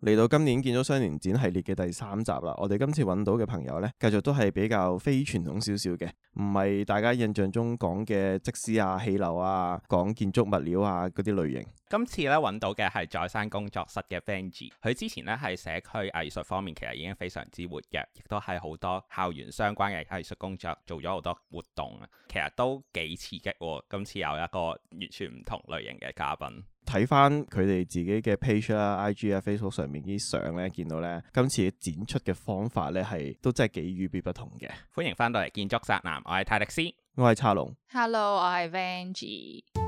嚟到今年建築雙年展系列嘅第三集啦，我哋今次揾到嘅朋友呢，繼續都係比較非傳統少少嘅，唔係大家印象中講嘅則師啊、起樓啊、講建築物料啊嗰啲類型。今次呢，揾到嘅係在山工作室嘅 Vangi。佢之前呢，係社區藝術方面其實已經非常之活躍，亦都係好多校園相關嘅藝術工作做咗好多活動，其實都幾刺激。今次有一個完全唔同類型嘅嘉賓。睇翻佢哋自己嘅 page 啦、IG 啊、Facebook 上面啲相咧，見到咧今次展出嘅方法咧，係都真係幾與別不同嘅。歡迎翻到嚟建築宅男，我係泰迪斯，我係叉龍，Hello，我係 Vangi。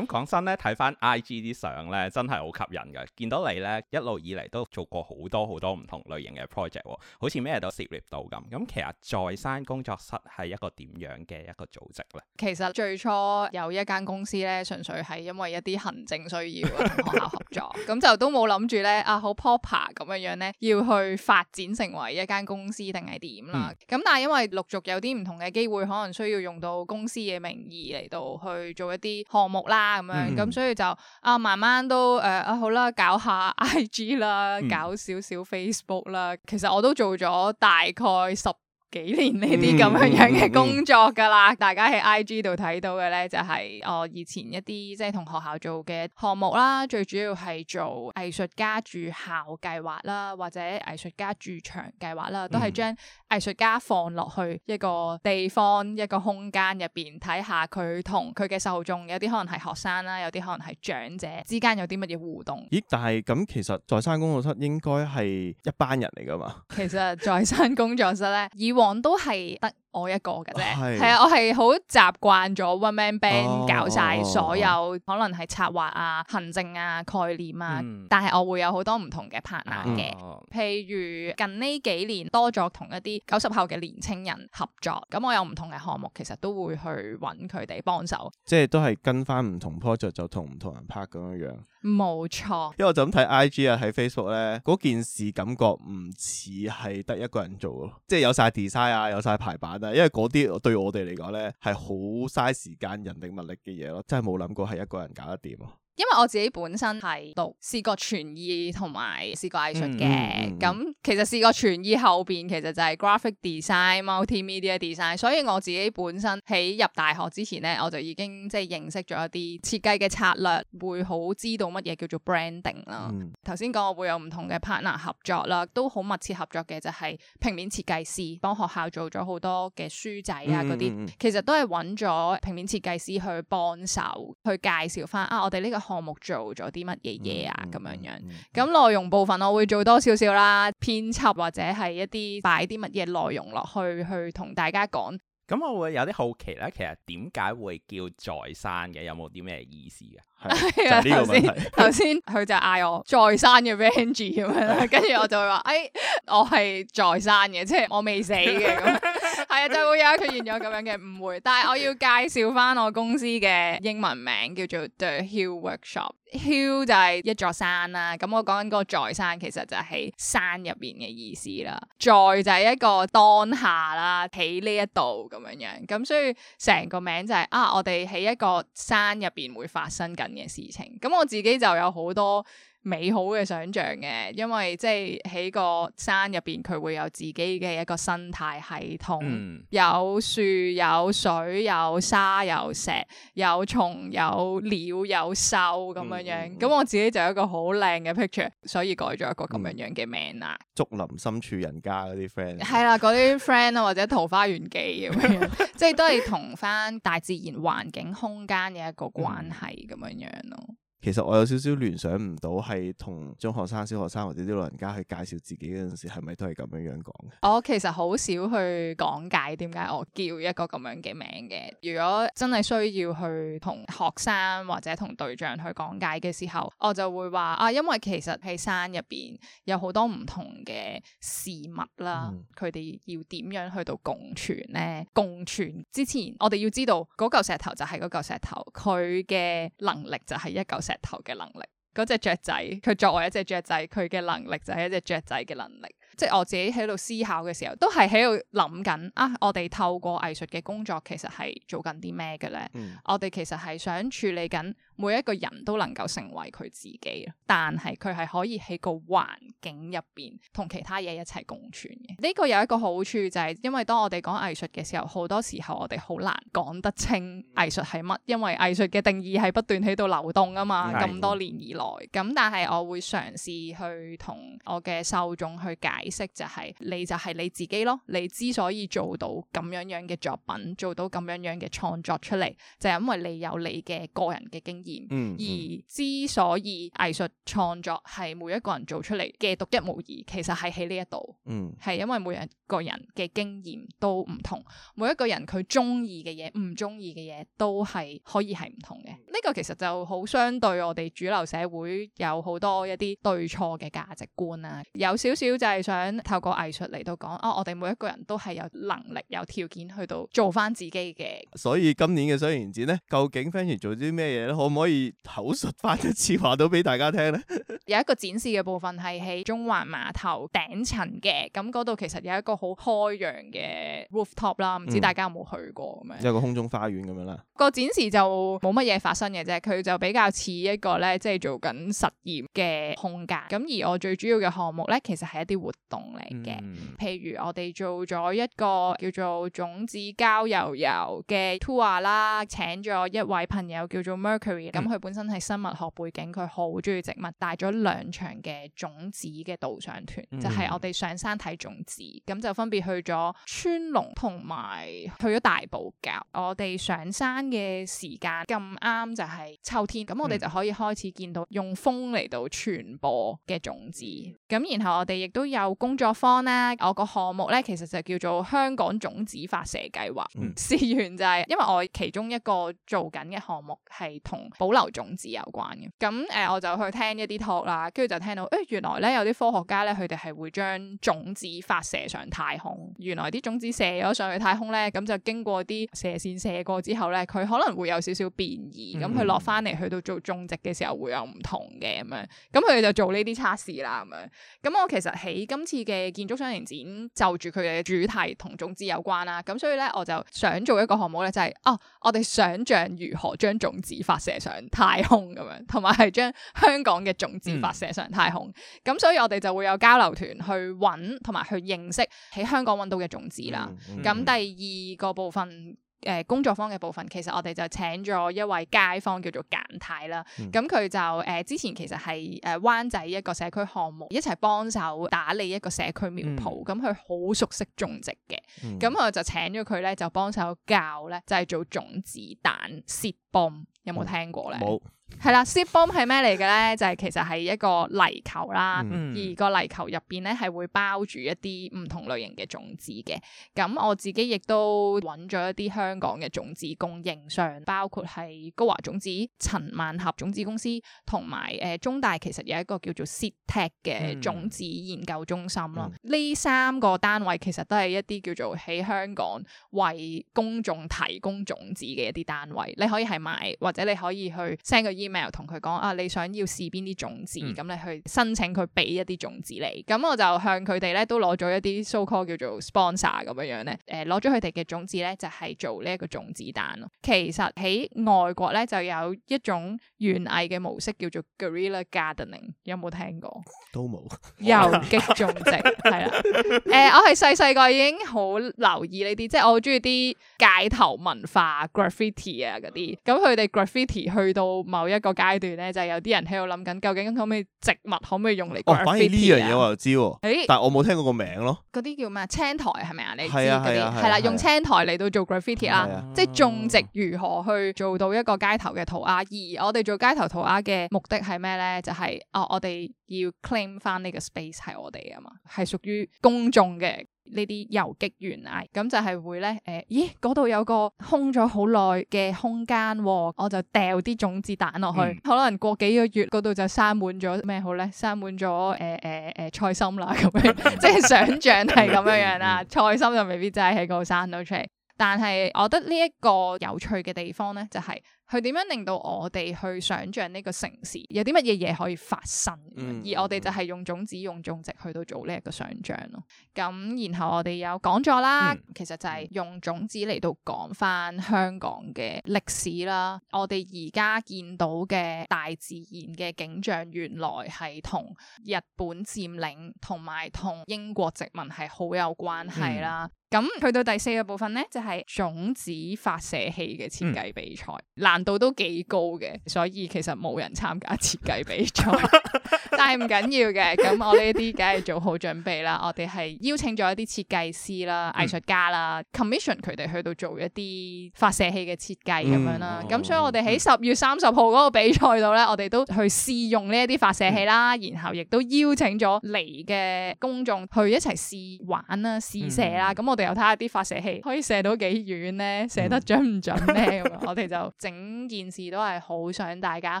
咁講真咧，睇翻 IG 啲相咧，真係好吸引嘅。見到你咧，一路以嚟都做過好多好多唔同類型嘅 project，好似咩都涉獵到咁。咁其實在山工作室係一個點樣嘅一個組織咧？其實最初有一間公司咧，純粹係因為一啲行政需要同學校合作，咁 就都冇諗住咧，啊好 popular 咁樣樣咧，要去發展成為一間公司定係點啦。咁、嗯、但係因為陸續有啲唔同嘅機會，可能需要用到公司嘅名義嚟到去做一啲項目啦。咁樣咁，嗯、所以就啊，慢慢都誒、呃，好啦，搞下 I G 啦，搞少少 Facebook 啦。其實我都做咗大概十幾年呢啲咁樣樣嘅工作㗎喇。嗯嗯嗯、大家喺 I G 度睇到嘅咧，就係、是、我以前一啲即係同學校做嘅項目啦，最主要係做藝術家駐校計劃啦，或者藝術家駐場計劃啦，都係將，藝術家放落去一個地方、一個空間入邊睇下佢同佢嘅受眾，有啲可能係學生啦，有啲可能係長者之間有啲乜嘢互動咦？但係咁其實在山工作室應該係一班人嚟噶嘛？其實在山工作室咧， 以往都係得我一個嘅啫。係啊，我係好習慣咗 one man band 搞晒，哦，所有，哦哦，可能係策劃啊、行政啊、概念啊。嗯，但係我會有好多唔同嘅 partner 嘅，譬，嗯，如近呢幾年多咗同一啲。九十後嘅年青人合作，咁我有唔同嘅項目，其實都會去揾佢哋幫手。即係都係跟翻唔同 project 就同唔同人拍咁樣樣。冇錯。因為我就咁睇 IG 啊，喺 Facebook 咧，嗰件事感覺唔似係得一個人做咯，即係有晒 design 啊，有晒排版啊，因為嗰啲對我哋嚟講咧係好嘥時間人力、物力嘅嘢咯，真係冇諗過係一個人搞得掂咯。因為我自己本身係讀視覺傳意同埋視覺藝術嘅，咁、嗯嗯、其實視覺傳意後邊其實就係 graphic design、multimedia design，所以我自己本身喺入大學之前咧，我就已經即係認識咗一啲設計嘅策略，會好知道乜嘢叫做 branding 啦。頭先講我會有唔同嘅 partner 合作啦，都好密切合作嘅就係、是、平面設計師幫學校做咗好多嘅書仔啊啲、嗯，其實都係揾咗平面設計師去幫手去介紹翻啊，我哋呢、呢個項目做咗啲乜嘢嘢啊，咁樣樣，咁、嗯、內、嗯、 容部分我會做多少少啦，編輯或者係一啲擺啲乜嘢內容落去，去同大家講。咁、嗯、我會有啲好奇啦，其實點解會叫在山嘅？有冇啲咩意思噶？係啊， 就呢個問題，頭先佢就嗌我在山嘅 Vangi 咁樣，跟住 我就會話：，誒、哎，我係在山嘅，即、就、係、是、我未死嘅。咁係啊，就會有出現咗咁樣嘅誤會。但係我要介紹翻我公司嘅英文名，叫做 The Hill Workshop。Hill 就係一座山啦。咁我講緊嗰個在山，其實就係喺山入邊嘅意思啦。在 就係一個當下啦，喺呢一度咁樣樣。咁所以成個名就係、是、啊，我哋喺一個山入邊會發生緊嘅事情，咁我自己就有好多美好嘅想象嘅，因為即係喺個山入邊，佢會有自己嘅一個生態系統，嗯、有樹有水有沙有石有蟲有鳥有獸咁樣樣。咁、嗯嗯、我自己就有一個好靚嘅 picture，所以改咗一個咁樣樣嘅名啦。竹、嗯、林深處人家嗰啲 friend 係啦、 啊，嗰啲 friend 或者桃花源記咁樣， 即係都係同翻大自然環境空間嘅一個關係咁、嗯、樣樣咯。其實我有少少聯想唔到係同中學生、小學生或者啲老人家去介紹自己嗰陣時，係咪都係咁樣樣講？我其實好少去講解點解我叫一個咁樣嘅名嘅。如果真係需要去同學生或者同對象去講解嘅時候，我就會話啊，因為其實喺山入邊有好多唔同嘅事物啦，佢哋、嗯、要點樣去到共存咧？共存之前，我哋要知道嗰嚿石頭就係嗰嚿石頭，佢嘅能力就係一嚿。石頭嘅能力，嗰隻雀仔，佢作為一隻雀仔，佢嘅能力就係一隻雀仔嘅能力。即係我自己喺度思考嘅時候，都係喺度諗緊啊！我哋透過藝術嘅工作，其實係做緊啲咩嘅咧？嗯、我哋其實係想處理緊每一個人都能夠成為佢自己，但係佢係可以喺個環境入邊同其他嘢一齊共存嘅。呢、呢個有一個好處就係因為當我哋講藝術嘅時候，好多時候我哋好難講得清藝術係乜，因為藝術嘅定義係不斷喺度流動啊嘛。咁、嗯、多年以來，咁的、嗯、但係我會嘗試去同我嘅受眾去解。解釋就係，你就係你自己咯。你之所以做到咁樣樣嘅作品，做到咁樣樣嘅創作出嚟，就係、是、因為你有你嘅個人嘅經驗。嗯，嗯，而之所以藝術創作係每一個人做出嚟嘅獨一無二，其實係喺呢一度。嗯，係因為每一個人嘅經驗都唔同，每一個人佢中意嘅嘢、唔中意嘅嘢都係可以係唔同嘅。呢、嗯、個其實就好相對我哋主流社會有好多一啲對錯嘅價值觀啊，有少少就係、是。想透過藝術嚟到講，哦，我哋每一個人都係有能力、有條件去到做翻自己嘅。所以今年嘅雙年展咧，究竟 Vangi 做啲咩嘢咧？可唔可以口述翻一次話到俾大家聽咧？ 有一個展示嘅部分係喺中環碼頭頂層嘅，咁嗰度其實有一個好開揚嘅 rooftop 啦，唔知大家有冇去過咁樣？即係、嗯、麼個空中花園咁樣啦。個展示就冇乜嘢發生嘅啫，佢就比較似一個咧，即係做緊實驗嘅空間。咁而我最主要嘅項目咧，其實係一啲活動。動嚟嘅，譬、嗯、如我哋做咗一個叫做種子交遊遊嘅 tour 啦，請咗一位朋友叫做 Mercury，咁佢、嗯、本身係生物學背景，佢好中意植物，帶咗兩場嘅種子嘅導賞團，就係、是、我哋上山睇種子，咁、嗯、就分別去咗川龍同埋去咗大埔滘。我哋上山嘅時間咁啱就係秋天，咁我哋就可以開始見到用風嚟到傳播嘅種子，咁然後我哋亦都有。工作坊啦，我個項目咧其實就叫做香港種子發射計劃。事源、嗯、就係因為我其中一個做緊嘅項目係同保留種子有關嘅。咁誒、呃，我就去聽一啲 talk 啦，跟住就聽到誒、欸，原來咧有啲科學家咧佢哋係會將種子發射上太空。原來啲種子射咗上去太空咧，咁就經過啲射線射過之後咧，佢可能會有少少變異。咁佢落翻嚟去到做種植嘅時候會有唔同嘅咁樣。咁佢哋就做呢啲測試啦咁樣。咁我其實喺今今次嘅建築雙年展就住佢嘅主題同種子有關啦，咁所以咧我就想做一個項目咧、就是，就係哦，我哋想象如何將種子發射上太空咁樣，同埋係將香港嘅種子發射上太空。咁、嗯、所以我哋就會有交流團去搵同埋去認識喺香港搵到嘅種子啦。咁、嗯嗯、第二個部分。誒、呃、工作坊嘅部分，其實我哋就請咗一位街坊叫做簡太啦。咁佢、嗯、就誒、呃、之前其實係誒、呃、灣仔一個社區項目，一齊幫手打理一個社區苗圃。咁佢好熟悉種植嘅，咁、嗯、我就請咗佢咧，就幫手教咧製、就係、做種子彈、seed bomb。有冇聽過咧？冇、嗯。係啦 seed bomb 係咩嚟嘅咧？就係、是、其實係一個泥球啦，嗯、而個泥球入邊咧係會包住一啲唔同類型嘅種子嘅。咁我自己亦都揾咗一啲香港嘅種子供應商，包括係高華種子、陳萬合種子公司，同埋誒中大其實有一個叫做 seed tech 嘅種子研究中心咯。呢、嗯嗯、三個單位其實都係一啲叫做喺香港為公眾提供種子嘅一啲單位，你可以係買或者你可以去 send 個 email 同佢講啊，你想要試邊啲種子，咁你去申請，佢俾一啲種子你。咁我就向佢哋咧都攞咗一啲 so-called 叫做 sponsor 咁樣樣咧，誒，攞咗佢哋嘅種子咧就係做呢一個種子彈咯。其實喺外國咧就有一種園藝嘅模式叫做 guerrilla gardening，有冇聽過？都冇，游擊種植，係啦。誒，我係細細個已經好留意呢啲，即係我好中意啲街頭文化、graffiti 啊嗰啲。咁佢哋 graffiti 去到某一個階段咧，就係、是、有啲人喺度諗緊，究竟可唔可以植物可唔可以用嚟？哦，反而呢樣嘢我又知喎。誒、欸，但係我冇聽過個名咯。嗰啲叫咩青苔係咪啊？你知嗰啲係啦，用青苔嚟到做 graffiti 啦，啊，即係種植如何去做到一個街頭嘅塗鴉。而我哋做街頭塗鴉嘅目的係咩咧？就係、是、哦、啊，我哋要 claim 翻呢個 space 係我哋啊嘛，係屬於公眾嘅。擊呢啲游擊園啊，咁就係會咧，誒，咦，嗰度有個空咗好耐嘅空間，我就掉啲種子彈落去，嗯、可能過幾個月嗰度就生滿咗咩好咧，生滿咗誒誒誒菜心啦，咁樣， 樣，即係想象係咁樣樣啦，菜心就未必真係喺度生到出嚟，但係我覺得呢一個有趣嘅地方咧，就係、是。佢點樣令到我哋去想像呢個城市有啲乜嘢嘢可以發生？嗯、而我哋就係用種子、嗯、用種植去到做呢一個想像咯。咁然後我哋有講座啦，嗯、其實就係用種子嚟到講翻香港嘅歷史啦。我哋而家見到嘅大自然嘅景象，原來係同日本佔領同埋同英國殖民係好有關係啦。咁、嗯、去到第四個部分呢，就係、是、種子發射器嘅設計比賽、嗯度都幾高嘅，所以其實冇人參加設計比賽， 但係唔緊要嘅。咁我呢啲梗係做好準備啦。我哋係邀請咗一啲設計師啦、藝術家啦、嗯、，commission 佢哋去到做一啲發射器嘅設計咁樣啦。咁、嗯、所以我哋喺十月三十號嗰個比賽度咧，我哋都去試用呢一啲發射器啦，嗯、然後亦都邀請咗嚟嘅公眾去一齊試玩啦、試射啦。咁、嗯、我哋又睇下啲發射器可以射到幾遠咧，射得準唔準咧。咁樣、嗯，我哋就整。咁件事都係好想大家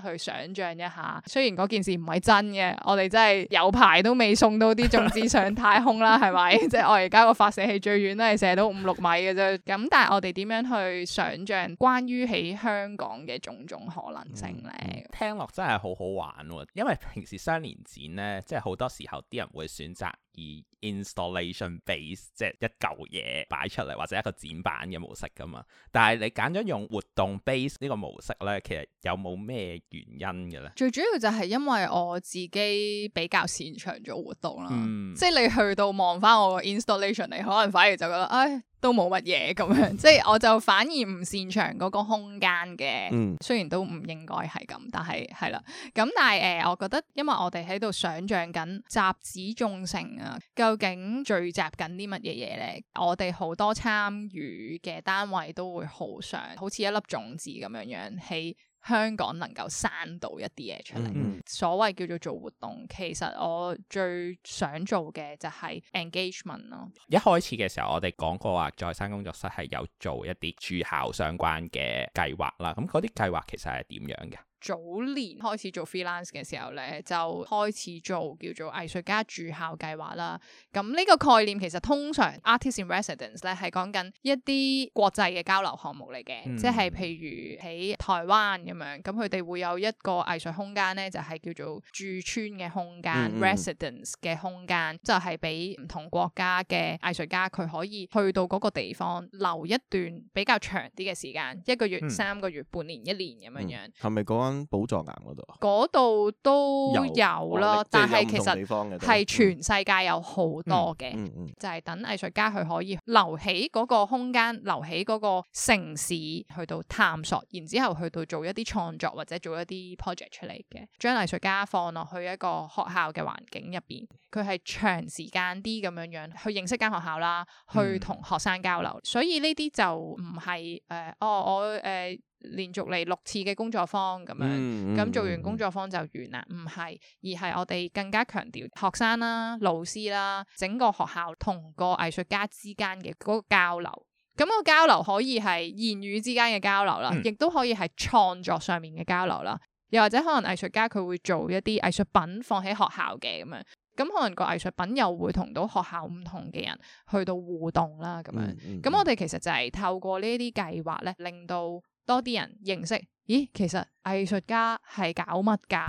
去想象一下，雖然嗰件事唔係真嘅，我哋真係有排都未送到啲種子上太空啦，係咪？ 即係我而家個發射器最遠都係射到五六米嘅啫。咁但係我哋點樣去想象關於喺香港嘅種種可能性呢？嗯、聽落真係好好玩，因為平時雙年展呢，即係好多時候啲人會選擇。而 installation base 即係一嚿嘢擺出嚟，或者一個展板嘅模式噶嘛。但係你揀咗用活動 base 呢個模式咧，其實有冇咩原因嘅咧？最主要就係因為我自己比較擅長做活動啦，嗯、即係你去到望翻我個 installation，你可能反而就覺得唉。哎都冇乜嘢咁樣，即係我就反而唔擅長嗰個空間嘅，嗯、雖然都唔應該係咁，但係係啦。咁但係誒、呃，我覺得因為我哋喺度想像緊集子種成啊，究竟聚集緊啲乜嘢嘢咧？我哋好多參與嘅單位都會好想，好似一粒種子咁樣樣喺。Hey, 香港能夠生到一啲嘢出嚟，嗯嗯，所謂叫做做活動，其實我最想做嘅就係 engagement 咯。一開始嘅時候，我哋講過話在山工作室係有做一啲駐校相關嘅計劃啦。咁嗰啲計劃其實係點樣嘅？早年開始做 freelance 嘅時候咧，就開始做叫做藝術家駐校計劃啦。咁呢個概念其實通常 artist in residence 咧係講緊一啲國際嘅交流項目嚟嘅。嗯、即係譬如喺台灣咁樣，咁佢哋會有一個藝術空間咧，就係、是、叫做駐村嘅空間 residence 嘅空間就係俾唔同國家嘅藝術家，佢可以去到個地方留一段比較長啲嘅時間，一個月，嗯、三個月，半年，一年咁樣樣，係咪講。嗯嗯是寶藏巖嗰度，嗰度都有啦，有但係其實係全世界有好多嘅，嗯嗯嗯、就係等藝術家佢可以留喺嗰個空間，留喺嗰個城市去到探索，然之後去到做一啲創作或者做一啲 project 出嚟嘅。將藝術家放落去一個學校嘅環境入邊，佢係長時間啲咁樣樣去認識間學校啦，去同學生交流。嗯、所以呢啲就唔係誒，哦，我誒。呃連續嚟六次嘅工作坊咁樣，咁做完工作坊就完啦，唔係，而係我哋更加強調學生啦、老師啦、整個學校同個藝術家之間嘅嗰個交流，咁個交流可以係言語之間嘅交流啦，亦都可以係創作上面嘅交流啦，又或者可能藝術家佢會做一啲藝術品放喺學校嘅咁樣，咁可能個藝術品又會同到學校唔同嘅人去到互動啦，咁樣，咁、嗯嗯、我哋其實就係透過呢一呢啲計劃咧，令到。多啲人認識，咦？其實藝術家係搞乜噶？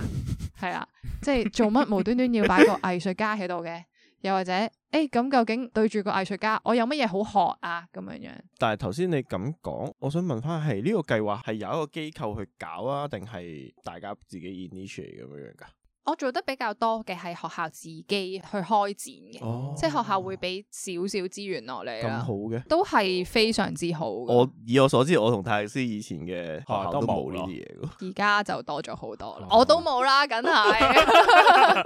係啦、 啊，即係做乜無端端要擺個藝術家喺度嘅？又或者，誒、欸，咁究竟對住個藝術家，我有乜嘢好學啊？咁樣樣。但係頭先你咁講，我想問翻，係呢個計劃係有一個機構去搞啊，定係大家自己 initiate 咁樣樣噶？我做得比較多嘅係學校自己去開展嘅，oh, 即係學校會俾少少資源落嚟。咁好嘅，都係非常之好。我以我所知，我同泰師以前嘅學校都冇呢啲嘢，而家就多咗好多啦。Oh. 我都冇啦，梗係。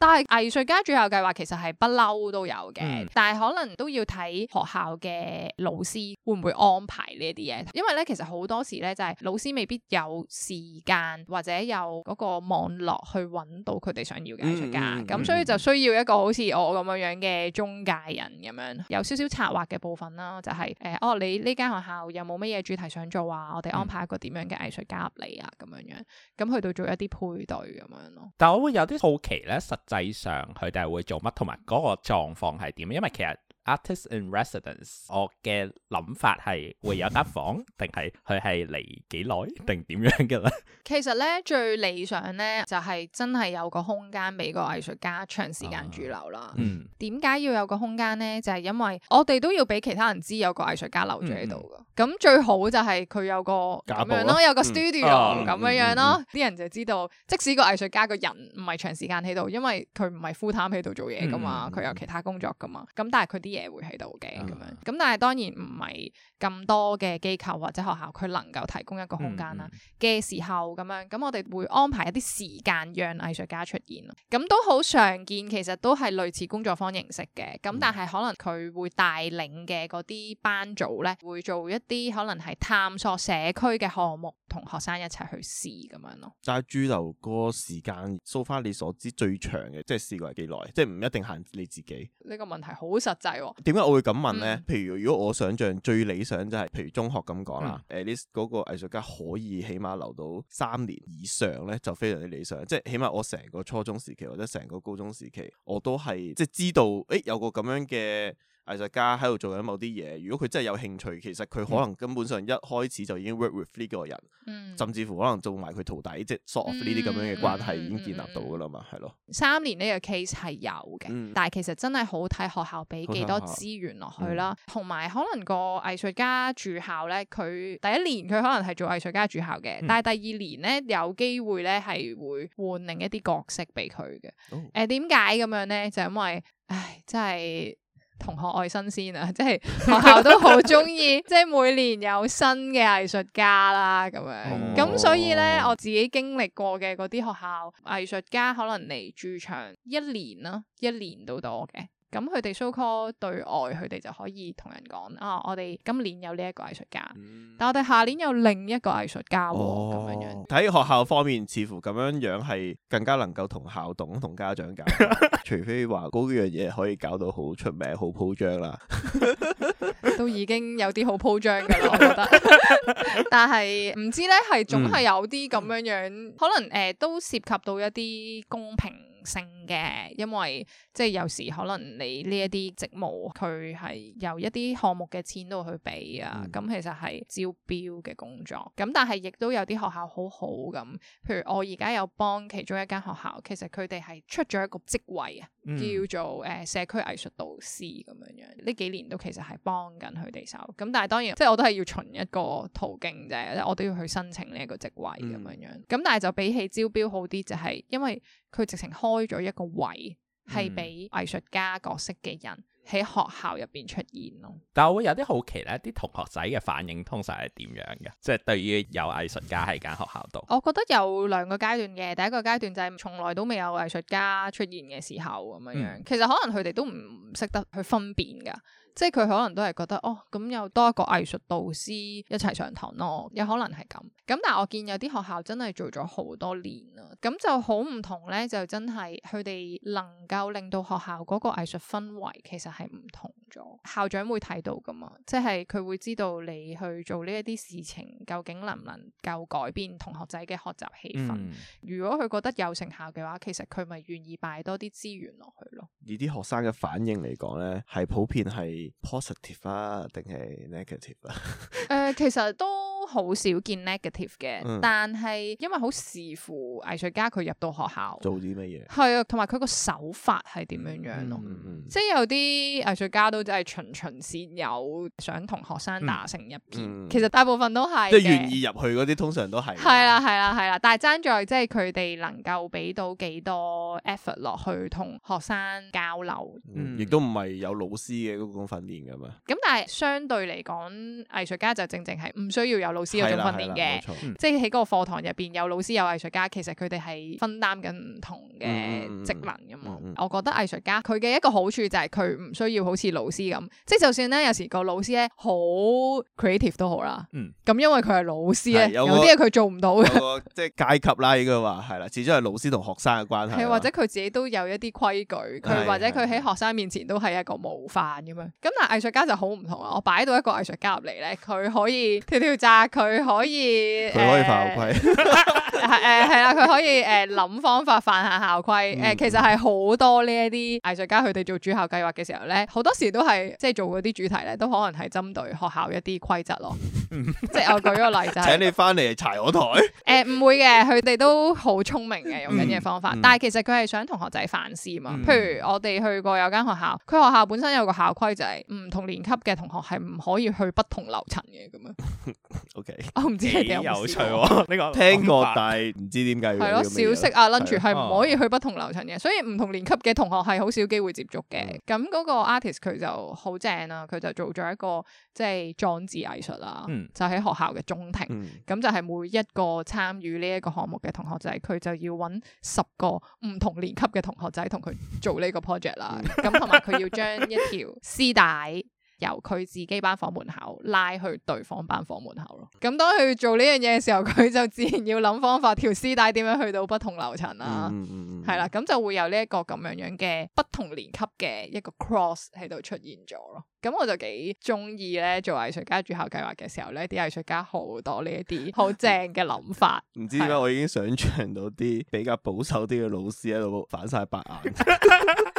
但係藝術家駐校計劃其實係不嬲都有嘅，嗯。但係可能都要睇學校嘅老師會唔會安排呢啲嘢。因為咧，其實好多時咧就係老師未必有時間或者有嗰個網絡。去揾到佢哋想要嘅藝術家，咁、嗯嗯嗯、所以就需要一個好似我咁樣樣嘅中介人咁樣，有少少策劃嘅部分啦，就係、是、誒、呃，哦，你呢間學校有冇乜嘢主題想做啊？我哋安排一個點樣嘅藝術家入嚟啊，咁樣樣，咁去到做一啲配對咁樣咯。但我會有啲好奇咧，實際上佢哋係會做乜，同埋嗰個狀況係點？因為其實。Artists in residence，我嘅諗法係會有一間房，定係佢係嚟幾耐，定點樣嘅咧？其實咧最理想咧就係、是、真係有個空間俾個藝術家長時間駐留啦、啊。嗯，點解要有個空間咧？就係、是、因為我哋都要俾其他人知有個藝術家留住喺度噶。咁、嗯、最好就係佢有個咁樣咯，有個 studio 咁、嗯啊、樣樣咯，啲、嗯嗯、人就知道，即使個藝術家個人唔係長時間喺度，因為佢唔係 full time 喺度做嘢噶嘛，佢、嗯嗯、有其他工作噶嘛。咁但係佢啲嘢會喺度嘅咁樣，咁、嗯、但係當然唔係。咁多嘅機構或者學校，佢能夠提供一個空間啦嘅、嗯、時候咁樣，咁我哋會安排一啲時間讓藝術家出現咯。咁都好常見，其實都係類似工作坊形式嘅。咁但係可能佢會帶領嘅嗰啲班組咧，會做一啲可能係探索社區嘅項目，同學生一齊去試咁樣咯。就係駐留嘅時間，數翻你所知最長嘅，即係試過係幾耐？即係唔一定限你自己。呢個問題好實際喎、哦。點解我會咁問咧？譬如如果我想象最理想。想就係，譬如中學咁講啦，誒、嗯，呢嗰個藝術家可以起碼留到三年以上咧，就非常之理想。即係起碼我成個初中時期或者成個高中時期，我都係即係知道，誒、欸，有個咁樣嘅。藝術家喺度做緊某啲嘢，如果佢真係有興趣，其實佢可能根本上一開始就已經 work with 呢個人，嗯、甚至乎可能做埋佢徒弟，即係 sort of 呢啲咁樣嘅關係已經建立到噶啦嘛，係咯、嗯。的三年呢個 case 係有嘅，嗯、但係其實真係好睇學校俾幾多資源落去啦，同埋、嗯嗯、可能個藝術家住校咧，佢第一年佢可能係做藝術家住校嘅，嗯、但係第二年咧有機會咧係會換另一啲角色俾佢嘅。哦、誒，點解咁樣咧？就因為，唉，真係。同學愛新鮮啊！即係學校都好鍾意， 即係每年有新嘅藝術家啦咁樣。咁、oh. 所以咧，我自己經歷過嘅嗰啲學校藝術家，可能嚟駐場一年啦，一年都多嘅。咁佢哋 show call 對外，佢哋就可以同人講啊，我哋今年有呢一個藝術家，嗯、但我哋下年有另一個藝術家咁、哦、樣樣。喺學校方面，似乎咁樣樣係更加能夠同校董同家長講， 除非話嗰樣嘢可以搞到好出名、好鋪張啦。 都已經有啲好鋪張噶啦，我覺得。 但係唔知咧，係總係有啲咁樣樣，嗯、可能誒、呃、都涉及到一啲公平性嘅，因為即係有時可能你呢一啲職務，佢係由一啲項目嘅錢度去俾啊，咁、嗯、其實係招標嘅工作，咁但係亦都有啲學校好好咁，譬如我而家有幫其中一間學校，其實佢哋係出咗一個職位。叫做誒、呃、社區藝術導師，咁樣樣，呢幾年都其實係幫緊佢哋手。咁但係當然，即係我都係要循一個途徑啫，即我都要去申請呢一個職位咁樣、嗯、樣。咁但係就比起招標好啲，就係、是、因為佢直情開咗一個位，係俾藝術家角色嘅人。嗯嗯喺學校入邊出現咯，但我會有啲好奇咧，啲同學仔嘅反應通常係點樣嘅？即係對於有藝術家喺間學校度，我覺得有兩個階段嘅。第一個階段就係從來都未有藝術家出現嘅時候咁樣，嗯、其實可能佢哋都唔識得去分辨，噶即係佢可能都係覺得哦，咁又多一個藝術導師一齊上堂咯，有可能係咁。咁但係我見有啲學校真係做咗好多年啦，咁就好唔同咧，就真係佢哋能夠令到學校嗰個藝術氛圍其實。係唔同咗，校長會睇到噶嘛？即係佢會知道你去做呢一啲事情，究竟能唔能夠改變同學仔嘅學習氣氛？嗯、如果佢覺得有成效嘅話，其實佢咪願意擺多啲資源落去咯。呢啲學生嘅反應嚟講咧，係普遍係 positive 啊，定係 negative 啊？誒、 呃，其實都。好少見 negative 嘅，嗯、但係因為好視乎藝術家佢入到學校做啲乜嘢，係啊，同埋佢個手法係點樣樣咯，嗯嗯嗯、即係有啲藝術家都真係循循善誘，想同學生打成一片。嗯嗯、其實大部分都係即係願意入去嗰啲，通常都係係啦，係啦，係啦。但係爭在即係佢哋能夠俾到幾多 effort 落去同學生交流，亦都唔係有老師嘅嗰種訓練噶嘛。咁但係相對嚟講，藝術家就正正係唔需要有老。老師種訓練嘅，即係喺嗰個課堂入邊有老師有藝術家，其實佢哋係分擔緊唔同嘅職能噶嘛。我覺得藝術家佢嘅一個好處就係佢唔需要好似老師咁，即係就算咧有時個老師咧好 creative 都好啦。嗯，咁因為佢係老師咧，有啲嘢佢做唔到嘅。即係階級啦，應該話係啦，始終係老師同學生嘅關係。或者佢自己都有一啲規矩，佢或者佢喺學生面前都係一個模範咁樣。咁但係藝術家就好唔同啊！我擺到一個藝術家入嚟咧，佢可以跳跳紮。佢可以佢、呃、可以犯校規、 呃，係誒啦，佢、呃呃、可以誒諗、呃、方法犯下校規誒、嗯呃，其實係好多呢一啲藝術家佢哋做駐校計劃嘅時候咧，好多時都係即係做嗰啲主題咧，都可能係針對學校一啲規則咯。嗯、即係我舉一個例子，係 請你翻嚟柴我台誒，唔、呃、會嘅，佢哋都好聰明嘅，用緊嘅方法。但係其實佢係想同學仔反思啊嘛。譬如我哋去過有間學校，佢學校本身有個校規就係、是、唔同年級嘅同學係唔可以去不同樓層嘅咁樣。嗯嗯。我唔知係有趣，呢個聽過但係唔知點解係咯。小息啊，lunch 係唔可以去不同樓層嘅，所以唔同年級嘅同學係好少機會接觸嘅。咁嗰個 artist 佢就好正啦，佢就做咗一個即係裝置藝術啦。就喺學校嘅中庭，咁就係每一個參與呢一個項目嘅同學仔，佢就要揾十個唔同年級嘅同學仔同佢做呢個 project 啦。咁同埋佢要將一條絲帶。由佢自己班房門口拉去對方班房門口咯，咁當佢做呢樣嘢嘅時候，佢就自然要諗方法，條絲帶點樣去到不同樓層啦，係啦、嗯，咁、嗯嗯、就會有呢一個咁樣樣嘅不同年級嘅一個 cross 喺度出現咗咯。咁我就幾中意咧，做藝術家駐校計劃嘅時候咧，啲藝術家好多呢一啲好正嘅諗法。唔知點解我已經想象到啲比較保守啲嘅老師喺度反晒白眼。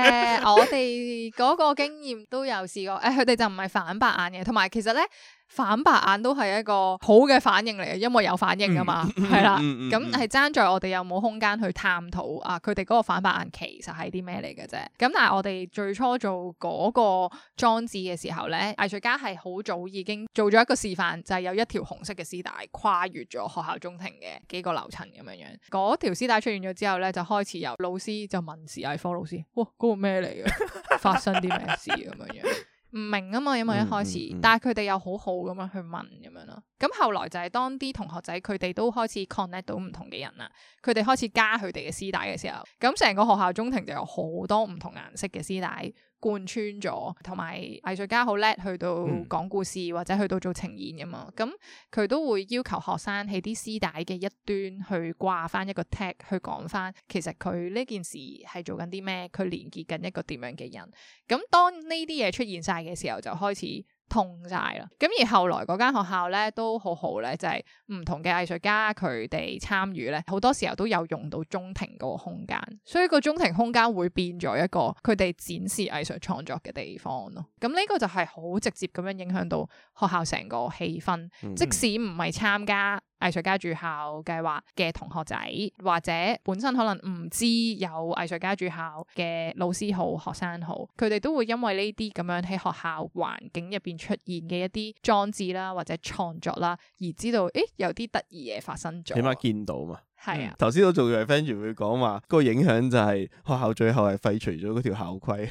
誒、呃，我哋嗰個經驗都有試過，誒、呃，佢哋就唔係反白眼嘅，同埋其實咧。反白眼都係一個好嘅反應嚟嘅，因為有反應啊嘛，係啦。 咁係爭在我哋有冇空間去探討啊，佢哋嗰個反白眼其實係啲咩嚟嘅啫？咁但係我哋最初做嗰個裝置嘅時候咧，藝術家係好早已經做咗一個示範，就係、係、有一條紅色嘅絲帶跨越咗學校中庭嘅幾個樓層咁樣樣。嗰條絲帶出現咗之後咧，就開始有老師就問視藝科老師：哇，嗰、嗰個咩嚟嘅？ 發生啲咩事咁樣樣？唔明啊嘛，因為一開始，嗯嗯嗯、但係佢哋又好好咁樣去問咁樣咯。咁後來就係當啲同學仔佢哋都開始 connect 到唔同嘅人啦，佢哋開始加佢哋嘅絲帶嘅時候，咁成個學校中庭就有好多唔同顏色嘅絲帶。貫穿咗，同埋藝術家好叻，去到講故事、嗯、或者去到做呈現噶嘛，咁佢都會要求學生喺啲絲帶嘅一端去掛返一個 tag，去講返其實佢呢件事係做緊啲咩，佢連結緊一個點樣嘅人。咁當呢啲嘢出現晒嘅時候，就開始。通晒啦，咁而後來嗰間學校咧都好好咧，就係唔同嘅藝術家佢哋參與咧，好多時候都有用到中庭個空間，所以個中庭空間會變咗一個佢哋展示藝術創作嘅地方咯。咁呢個就係好直接咁樣影響到學校成個氣氛，即使唔係參加藝術家住校計劃嘅同學仔，或者本身可能唔知有藝術家住校嘅老師好，學生好，佢哋都會因為呢啲咁樣喺學校環境入邊出現嘅一啲裝置啦，或者創作啦，而知道誒有啲得意嘢發生咗，起碼見到嘛。係啊，頭先都做咗位 Vangi 會講話，個影響就係學校最後係廢除咗嗰條校規。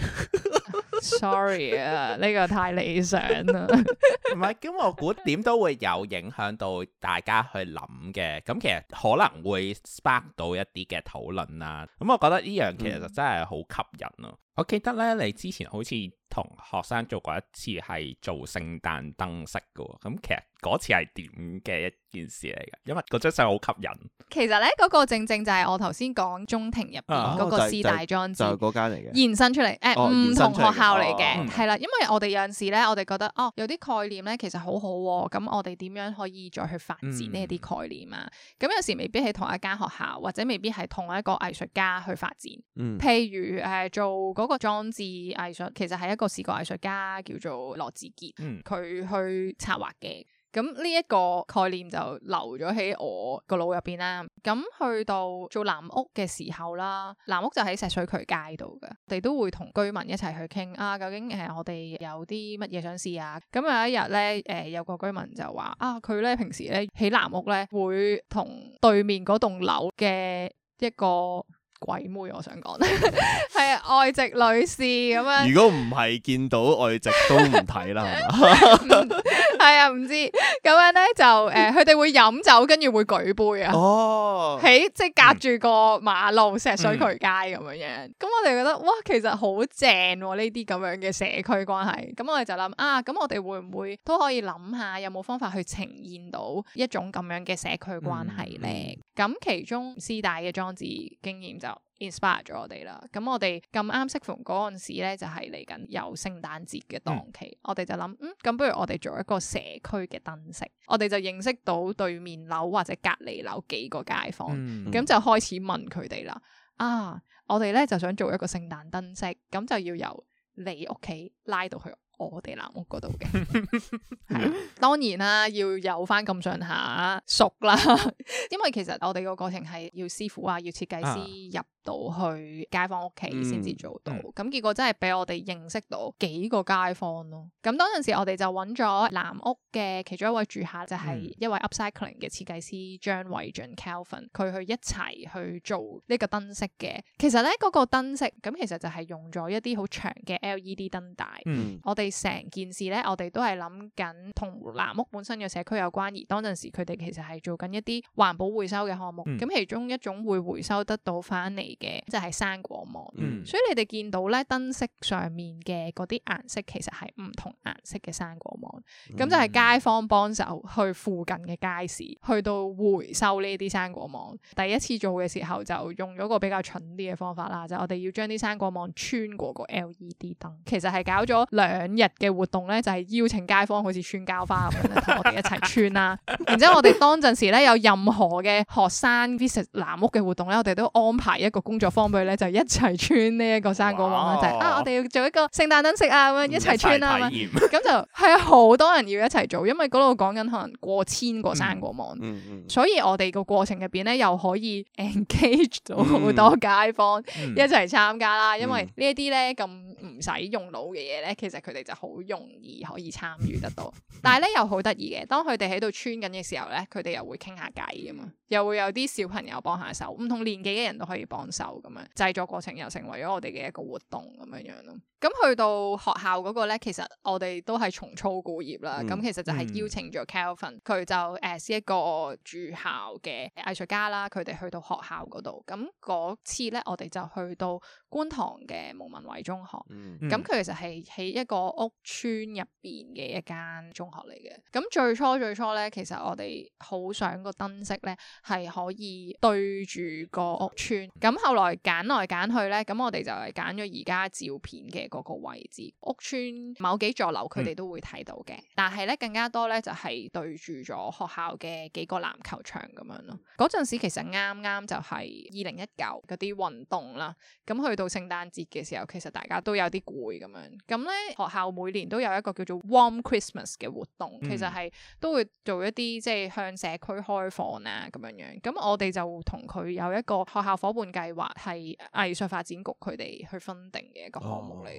sorry 啊，呢個太理想啦 唔係，咁我估點都會有影響到大家去諗嘅，咁其實可能會 spark 到一啲嘅討論啦，咁我覺得呢樣其實真係好吸引咯。啊，嗯，我記得呢，你之前好似。同學生做過一次係做聖誕燈飾㗎喎，咁其實嗰次係點嘅一件事嚟㗎，因為嗰張相好吸引。其實咧，嗰個正正就係我頭先講中庭入邊嗰個師大裝置，就係嗰間嚟㗎，延伸出嚟，誒唔同學校嚟嘅，係啦，因為我哋有陣時咧，我哋覺得哦，有啲概念咧其實好好喎，咁我哋點樣可以再去發展呢一啲概念啊？咁有時未必係同一間學校，或者未必係同一個藝術家去發展。嗯，譬如誒做嗰個裝置藝術，其實係一。一個視覺藝術家叫做羅志杰，佢、嗯、去策劃嘅，咁呢一個概念就留咗喺我個腦入邊啦。咁去到做藍屋嘅時候啦，藍屋就喺石水渠街度嘅，我哋都會同居民一齊去傾啊，究竟誒、呃、我哋有啲乜嘢想試啊？咁有一日咧，誒、呃、有個居民就話啊，佢咧平時咧喺藍屋咧會同對面嗰棟樓嘅一個。鬼妹，我想講，係外籍女士咁樣。 如果唔係見到外籍都唔睇啦，係咪？係啊，唔知咁 樣咧就誒，佢、呃、哋會飲酒，跟住會舉杯啊。哦，喺即係隔住個馬路石水渠街咁樣樣。咁、嗯、我哋覺得哇，其實好正呢啲咁樣嘅社區關係。咁我哋就諗啊，咁我哋、啊、會唔會都可以諗下，有冇方法去呈現到一種咁樣嘅社區關係咧？咁、嗯、其中師大嘅裝置經驗就 inspire 咗我哋啦，咁我哋咁啱適逢嗰陣時咧，就係嚟緊有聖誕節嘅檔期，嗯、我哋就諗，嗯，咁不如我哋做一個社區嘅燈飾，我哋就認識到對面樓或者隔離樓幾個街坊，咁、嗯嗯、就開始問佢哋啦。啊，我哋咧就想做一個聖誕燈飾，咁就要由你屋企拉到去，我哋藍屋度嘅，係當然啦，要有翻咁上下熟啦， 因為其實我哋個過程係要師傅啊，要設計師入到去街坊屋企先至做到，咁、啊嗯、結果真係俾我哋認識到幾個街坊咯。咁嗰陣時我哋就揾咗藍屋嘅其中一位住客，就係一位 upcycling 嘅設計師張偉、嗯、俊 Calvin 佢去一齊去做呢個燈飾嘅。其實咧嗰、那個燈飾咁，其實就係用咗一啲好長嘅 LED 燈帶，嗯、我哋。成件事咧，我哋都係諗緊同藍屋本身嘅社區有關，而當陣時佢哋其實係做緊一啲環保回收嘅項目，咁、嗯、其中一種會回收得到翻嚟嘅就係生果網，嗯、所以你哋見到咧燈飾上面嘅嗰啲顏色其實係唔同顏色嘅生果網，咁、嗯、就係街坊幫手去附近嘅街市去到回收呢啲生果網。第一次做嘅時候就用咗個比較蠢啲嘅方法啦，就係、我哋要將啲生果網穿過個 LED 燈，其實係搞咗兩。日嘅活動咧，就係、是、邀請街坊，好似穿膠花咁樣，同 我哋一齊穿啦、啊。 然之後我哋當陣時咧，有任何嘅學生 visit 藍屋嘅活動咧，我哋都安排一個工作坊佈咧，就是、一齊穿呢一個生果網啊哇、就是！啊，我哋要做一個聖誕燈飾啊，咁樣一齊穿啊！咁體 就係啊，好多人要一齊做，因為嗰度講緊可能過千個生果網，嗯嗯嗯、所以我哋個過程入邊咧，又可以 engage 到好多街坊、嗯、一齊參加啦。因為呢一啲咧咁。唔使用腦嘅嘢咧，其實佢哋就好容易可以參與得到。 但係咧又好得意嘅，當佢哋喺度穿緊嘅時候咧，佢哋又會傾下偈嘛，又會有啲小朋友幫下手，唔同年紀嘅人都可以幫手咁樣。製作過程又成為咗我哋嘅一個活動咁樣樣咯。咁去到學校嗰個咧，其實我哋都係重操故業啦。咁、嗯、其實就係邀請咗 Calvin，佢就誒、呃、一個住校嘅藝術家啦。佢哋去到學校嗰度，咁嗰次咧，我哋就去到觀塘嘅蒙民偉中學。嗯咁佢、嗯、其實係喺一個屋邨入邊嘅一間中學嚟嘅。咁最初最初咧，其實我哋好想個燈飾咧係可以對住個屋邨。咁後來揀來揀去咧，咁我哋就係揀咗而家照片嘅嗰個位置，屋邨某幾座樓佢哋都會睇到嘅。嗯、但係咧更加多咧就係、是、對住咗學校嘅幾個籃球場咁樣咯。嗰陣時其實啱啱就係二零一九嗰啲運動啦。咁去到聖誕節嘅時候，其實大家都有啲。攰，咁樣，咁咧學校每年都有一個叫做 Warm Christmas 嘅活動，其實係都會做一啲即係向社區開放啊咁樣樣。咁、嗯、我哋就同佢有一個學校夥伴計劃，係藝術發展局佢哋去 funding 嘅一個項目嚟。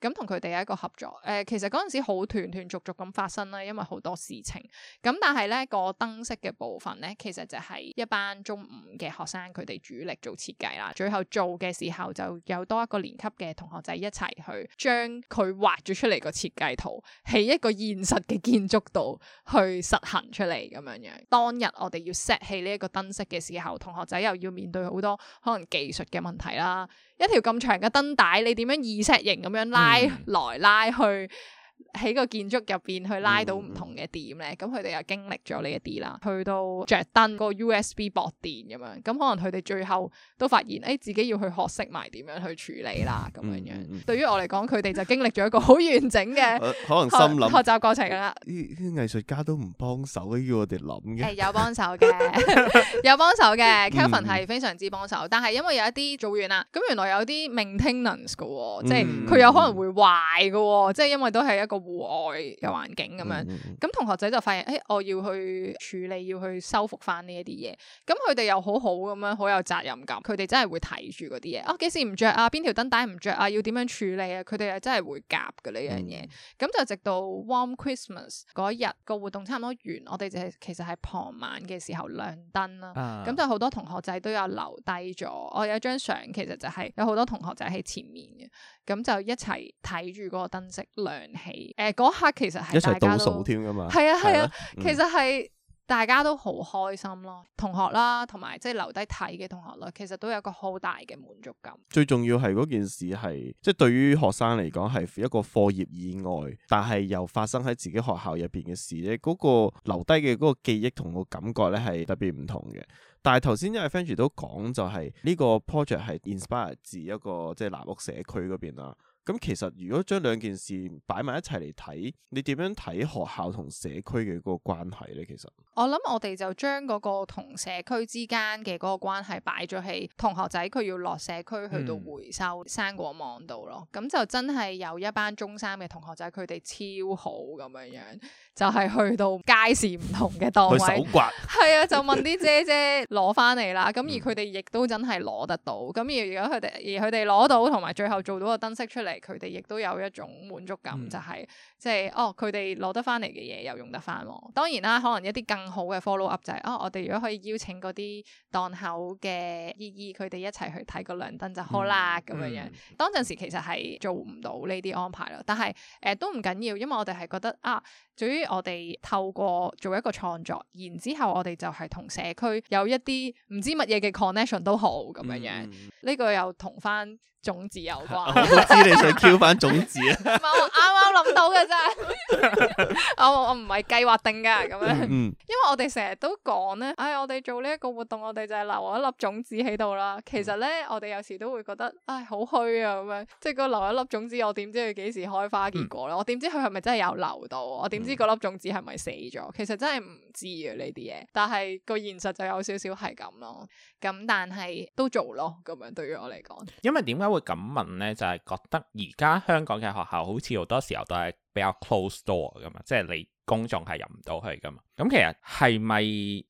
咁同佢哋有一個合作，誒、嗯，其實嗰陣時好斷斷續續咁發生啦，因為好多事情。咁但係咧、嗰個燈飾嘅部分咧，其實就係一班中五嘅學生佢哋主力做設計啦。最後做嘅時候就有多一個年級嘅同學仔一齊。去將佢畫咗出嚟個設計圖喺一個現實嘅建築度去實行出嚟咁樣樣。當日我哋要 set 起呢一個燈飾嘅時候，同學仔又要面對好多可能技術嘅問題啦。一條咁長嘅燈帶，你點樣意 S 型咁樣拉來拉去？嗯喺個建築入邊去拉到唔同嘅點咧，咁佢哋又經歷咗呢一啲啦，去到着燈、嗰個 USB 駁電咁樣，咁可能佢哋最後都發現，誒，自己要去學識埋點樣去處理啦，咁樣樣。嗯嗯、對於我嚟講，佢哋就經歷咗一個好完整嘅、啊、可能心諗學習過程啦。啲藝術家都唔幫手，要我哋諗嘅。有幫手嘅， 有幫手嘅，Kevin 係非常之幫手。但係因為有一啲組員啦，咁原來有啲 maintenance 噶，即係佢有可能會壞噶，即、就、係、是、因為都係一個戶外嘅環境咁樣，咁、嗯嗯嗯、同學仔就發現，誒、哎，我要去處理，要去修復翻呢一啲嘢。咁佢哋又好好咁樣，好有責任感。佢哋真係會睇住嗰啲嘢。哦、啊，幾時唔着啊？邊條燈帶唔着啊？要點樣處理啊？佢哋係真係會夾嘅呢樣嘢。咁、嗯嗯、就直到 Warm Christmas 嗰日個活動差唔多完，我哋就係其實係傍晚嘅時候亮燈啦。咁、啊、就好多同學仔都有留低咗。我有一張相，其實就係有好多同學仔喺前面嘅，咁就一齊睇住嗰個燈飾亮起。誒，嗰、呃、刻其實係一齊倒數添噶嘛，係啊係啊，其實係大家都好開心咯，嗯、同學啦，同埋即係留低睇嘅同學啦，其實都有個好大嘅滿足感。最重要係嗰件事係，即、就、係、是、對於學生嚟講係一個課業以外，但係又發生喺自己學校入邊嘅事咧，嗰、那個留低嘅嗰個記憶同個感覺咧係特別唔同嘅。但係頭先因為 Vangi 都講就係、是、呢、這個 project 係 inspire 自一個即係藍屋社區嗰邊啦。咁其實如果將兩件事擺埋一齊嚟睇，你點樣睇學校同社區嘅個關係咧？其實我諗我哋就將個同社區之間嘅個關係擺咗喺同學仔佢要落社區去到回收生果網度咯。咁、嗯、就真係有一班中三嘅同學仔，佢哋超好咁樣樣就係、是、去到街市唔同嘅檔位，係 刮 啊，就問啲姐姐攞翻嚟啦。咁、嗯、而佢哋亦都真係攞得到。咁而如果而家佢哋而佢哋攞到，同埋最後做到個燈飾出嚟。佢哋亦都有一種滿足感，就係即係哦，佢哋攞得翻嚟嘅嘢又用得翻。當然啦，可能一啲更好嘅 follow up 就係、是、哦，我哋如果可以邀請嗰啲檔口嘅姨姨，佢哋一齊去睇個亮燈就好啦咁樣、嗯、樣。嗯、當陣時其實係做唔到呢啲安排咯，但係誒、呃、都唔緊要，因為我哋係覺得啊。至於我哋透過做一個創作，然之後我哋就係同社區有一啲唔知乜嘢嘅 connection 都好咁樣樣，呢、嗯、個又同翻種子有關。 我知你想 Q 翻 種子啊？唔係我啱啱諗到嘅咋。我我 我唔係計劃定噶咁樣， 因為我哋成日都講咧，唉、哎，我哋做呢一個活動，我哋就係留一粒種子喺度啦。其實咧，嗯、我哋有時都會覺得，唉、哎，好虛啊咁樣，即係個留一粒種子，我點知佢幾時開花結果咧？嗯、我點知佢係咪真係有留到？我點？ 唔知嗰粒種子係咪死咗？其實真係唔知啊呢啲嘢，但係個現實就有少少係咁咯。咁但係都做咯，咁樣對於我嚟講。因為點解會咁問咧？就係、是、覺得而家香港嘅學校好似好多時候都係比較 close door 咁嘛，即、就、係、是、你公眾係入唔到去噶嘛。咁其實係咪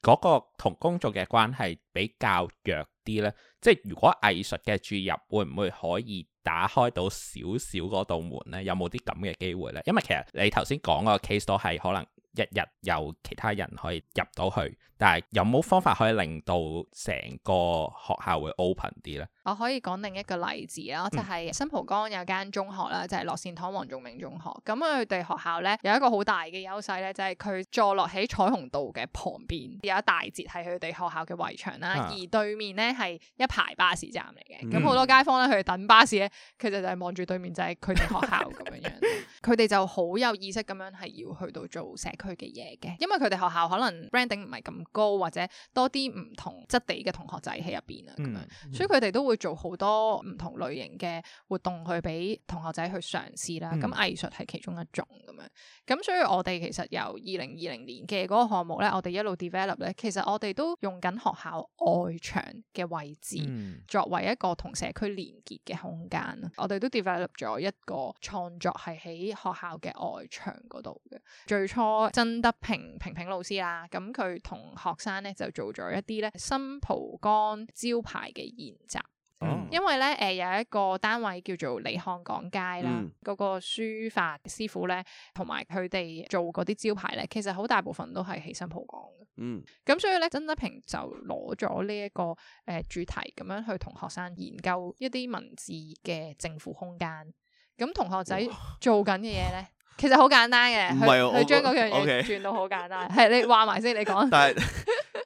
嗰個同公眾嘅關係比較弱？啲咧，即係如果藝術嘅注入，會唔會可以打開到少少嗰道門咧？有冇啲咁嘅機會咧？因為其實你頭先講 𠮶 個 case 都係可能一日有其他人可以入到去。但係有冇方法可以令到成個學校會 open 啲咧？我可以講另一個例子啦，就係、是、新蒲崗有間中學咧，就係樂善堂黃仲明中學。咁佢哋學校咧有一個好大嘅優勢咧，就係、是、佢坐落喺彩虹道嘅旁邊，有一大截係佢哋學校嘅圍牆啦。啊、而對面咧係一排巴士站嚟嘅，咁好、嗯、多街坊咧佢哋等巴士咧，其實就係望住對面就係佢哋學校咁樣。佢哋 就好有意識咁樣係要去到做社區嘅嘢嘅，因為佢哋學校可能 branding 唔係咁。高或者多啲唔同質地嘅同學仔喺入邊啊，咁、嗯、樣，所以佢哋都會做好多唔同類型嘅活動去俾同學仔去嘗試啦。咁藝術係其中一種咁樣，咁所以我哋其實由二零二零年嘅嗰個項目咧，我哋一路 develop 咧，其實我哋都用緊學校外牆嘅位置，嗯、作為一個同社區連結嘅空間。我哋都 develop 咗一個創作係喺學校嘅外牆嗰度嘅。最初曾德平平平老師啦，咁佢同。學生咧就做咗一啲咧新蒲崗招牌嘅研習，嗯哦、因為咧誒、呃、有一個單位叫做李漢港街啦，嗰、嗯、個書法師傅咧同埋佢哋做嗰啲招牌咧，其實好大部分都係起新蒲崗嘅。嗯，咁所以咧曾德平就攞咗呢一個誒、呃、主題咁樣去同學生研究一啲文字嘅正負空間。咁同學仔做緊嘅嘢咧？哇其實好簡單嘅，你將嗰樣嘢轉到好簡單，係你話埋先，你講。你 但係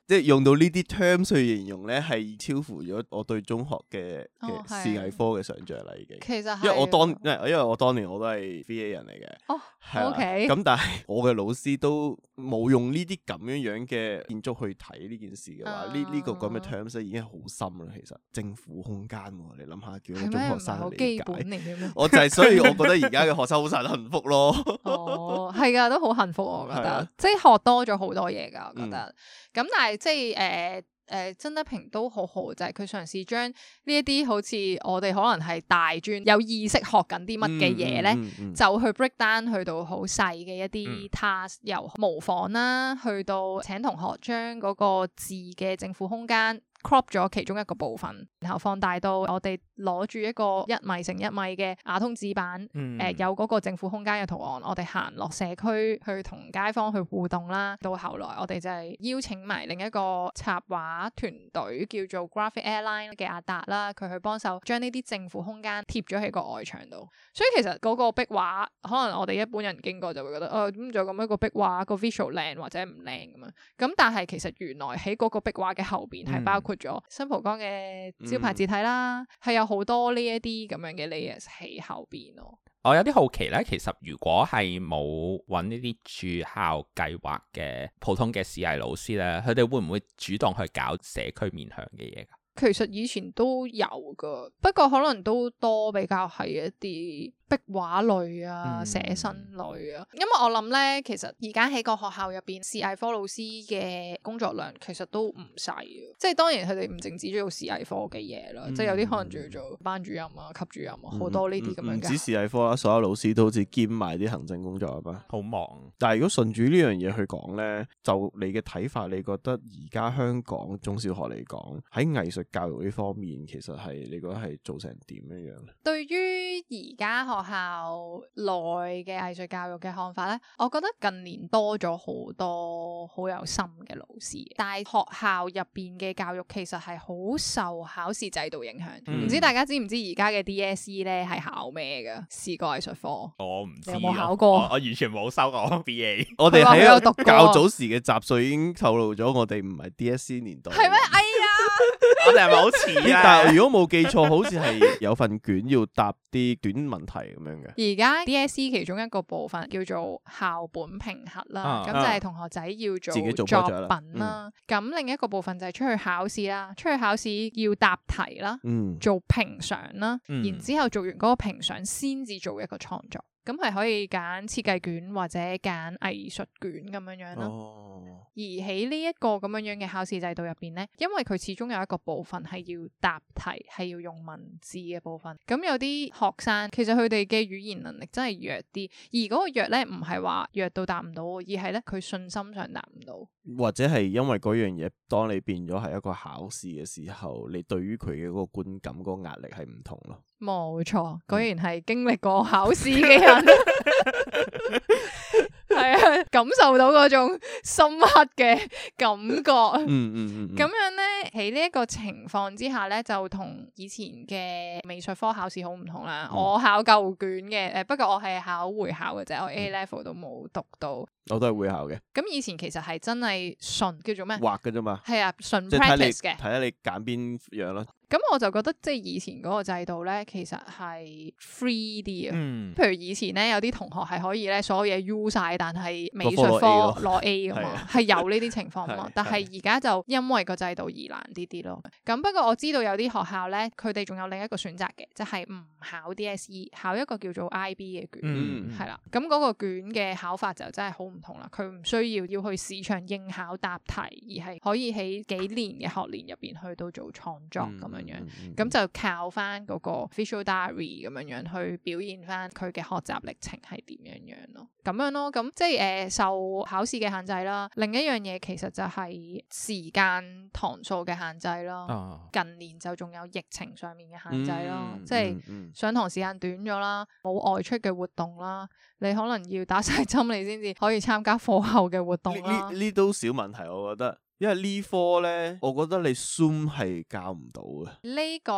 即係用到呢啲 term 去形容咧，係超乎咗我對中學嘅嘅視藝科嘅想象啦，已經。其實，因為我當，因為因為我當年我都係 VA 人嚟嘅。哦。係啦，咁 Okay, 但係我嘅老師都冇用呢啲咁樣樣嘅建築去睇呢件事嘅話，呢呢、啊這個咁嘅 terms 已經係好深啦。其實政府空間、啊，你諗下叫中學生理解，是是啊、 我就係、是、所以我覺得而家嘅學生好晒幸福咯。 哦，係噶，都好幸福，我覺得的即係學多咗好多嘢噶，我覺得。咁、嗯、但係即係誒。呃誒、呃，曾德平都好好就係、是、佢嘗試將呢一啲好似我哋可能係大專有意識學緊啲乜嘅嘢咧，嗯嗯嗯、就去 break down 去到好細嘅一啲 task，由模仿啦，去到請同學將嗰個字嘅正負空間 crop 咗其中一個部分。然後放大到我哋攞住一個一米乘一米嘅亞通紙板，誒、嗯呃、有嗰個政府空間嘅圖案，我哋行落社區去同街坊去互動啦。到後來我哋就係邀請埋另一個插畫團隊叫做 Graphic Airline 嘅阿達啦，佢去幫手將呢啲政府空間貼咗喺個外牆度。所以其實嗰個壁畫可能我哋一般人經過就會覺得，哦、呃，咁就咁一個壁畫，個 visual 靚或者唔靚咁樣。咁、嗯、但係其實原來喺嗰個壁畫嘅後邊係包括咗新蒲崗嘅。嗯招牌字體啦，係有好多呢一啲咁樣嘅 layers 喺後邊咯。我有啲好奇咧，其實如果係冇揾呢啲駐校計劃嘅普通嘅視藝老師咧，佢哋會唔會主動去搞社區面向嘅嘢？其實以前都有㗎，不過可能都多比較係一啲壁畫類啊、寫生、嗯、類啊。因為我諗咧，其實而家喺個學校入邊，視藝科老師嘅工作量其實都唔細。即係當然佢哋唔淨止做視藝科嘅嘢咯，嗯、即係有啲可能仲要做班主任啊、級主任啊，好多呢啲咁樣、嗯。唔、嗯、止視藝科啦，所有老師都好似兼埋啲行政工作啊嘛，好、嗯、忙。但係如果順住呢樣嘢去講咧，就你嘅睇法，你覺得而家香港中小學嚟講喺藝術？教育呢方面，其實係你覺得係做成點樣樣咧？對於而家學校內嘅藝術教育嘅看法咧，我覺得近年多咗好多好有心嘅老師。但係學校入邊嘅教育其實係好受考試制度影響。唔、嗯、知大家知唔知而家嘅 DSE 咧係考咩嘅？試過藝術科？我唔知。有冇考過我？我完全冇修過 BA 過。我哋喺度一教早時嘅集數已經透露咗，我哋唔係 DSE 年代嗎。係咩？ 我哋係咪好似？但係如果冇記錯，好似係有份卷要答啲短問題咁樣嘅。而家 DSE 其中一個部分叫做校本評核啦，咁、啊、就係同學仔要做作品啦。咁、嗯、另一個部分就係出去考試啦，出去考試要答題啦，嗯、做評賞啦，嗯、然之後做完嗰個評賞先至做一個創作。咁係可以揀設計卷或者揀藝術卷咁樣、啊 oh. 咁樣樣咯。而喺呢一個咁樣樣嘅考試制度入邊咧，因為佢始終有一個部分係要答題，係要用文字嘅部分。咁有啲學生其實佢哋嘅語言能力真係弱啲，而嗰個弱咧唔係話弱到答唔到，而係咧佢信心上答唔到。或者係因為嗰樣嘢，當你變咗係一個考試嘅時候，你對於佢嘅嗰個觀感壓、嗰個壓力係唔同咯。冇錯，果然係經歷過考試嘅人，係 啊，感受到嗰種深刻嘅感覺。嗯嗯嗯，咁、嗯嗯、樣咧，喺呢一個情況之下咧，就同以前嘅美術科考試好唔同啦。嗯、我考舊卷嘅，誒，不過我係考會考嘅啫，我 A level 都冇讀到。我都係會考嘅。咁以前其實係真係純叫做咩？畫嘅啫嘛。係啊，純 practice 嘅。睇下的你揀邊樣咯。咁我就覺得即係以前嗰個制度咧，其實係 free 啲嘅。嗯，譬如以前咧，有啲同學係可以咧，所有嘢 U 晒，但係美術科攞 A 噶嘛，係是有呢啲情況噶是但係而家就因為個制度而難啲啲咯。咁不過我知道有啲學校咧，佢哋仲有另一個選擇嘅，就係、是、唔考 DSE，考一個叫做 IB 嘅卷。嗯，係啦。咁嗰個卷嘅考法就真係好唔同啦。佢唔需要要去市場應考答題，而係可以喺幾年嘅學年入邊去到做創作咁樣。嗯咁樣，咁、嗯嗯、就靠翻嗰個 visual diary 咁樣樣去表現翻佢嘅學習歷程係點樣樣咯，咁樣咯，咁即係誒、呃、受考試嘅限制啦。另一樣嘢其實就係時間堂數嘅限制咯。哦、近年就仲有疫情上面嘅限制咯，即係上堂時間短咗啦，冇外出嘅活動啦，你可能要打晒針你先至可以參加課後嘅活動啊。呢都小問題，我覺得。因為呢科咧，我覺得你 zoom 係教唔到嘅。呢個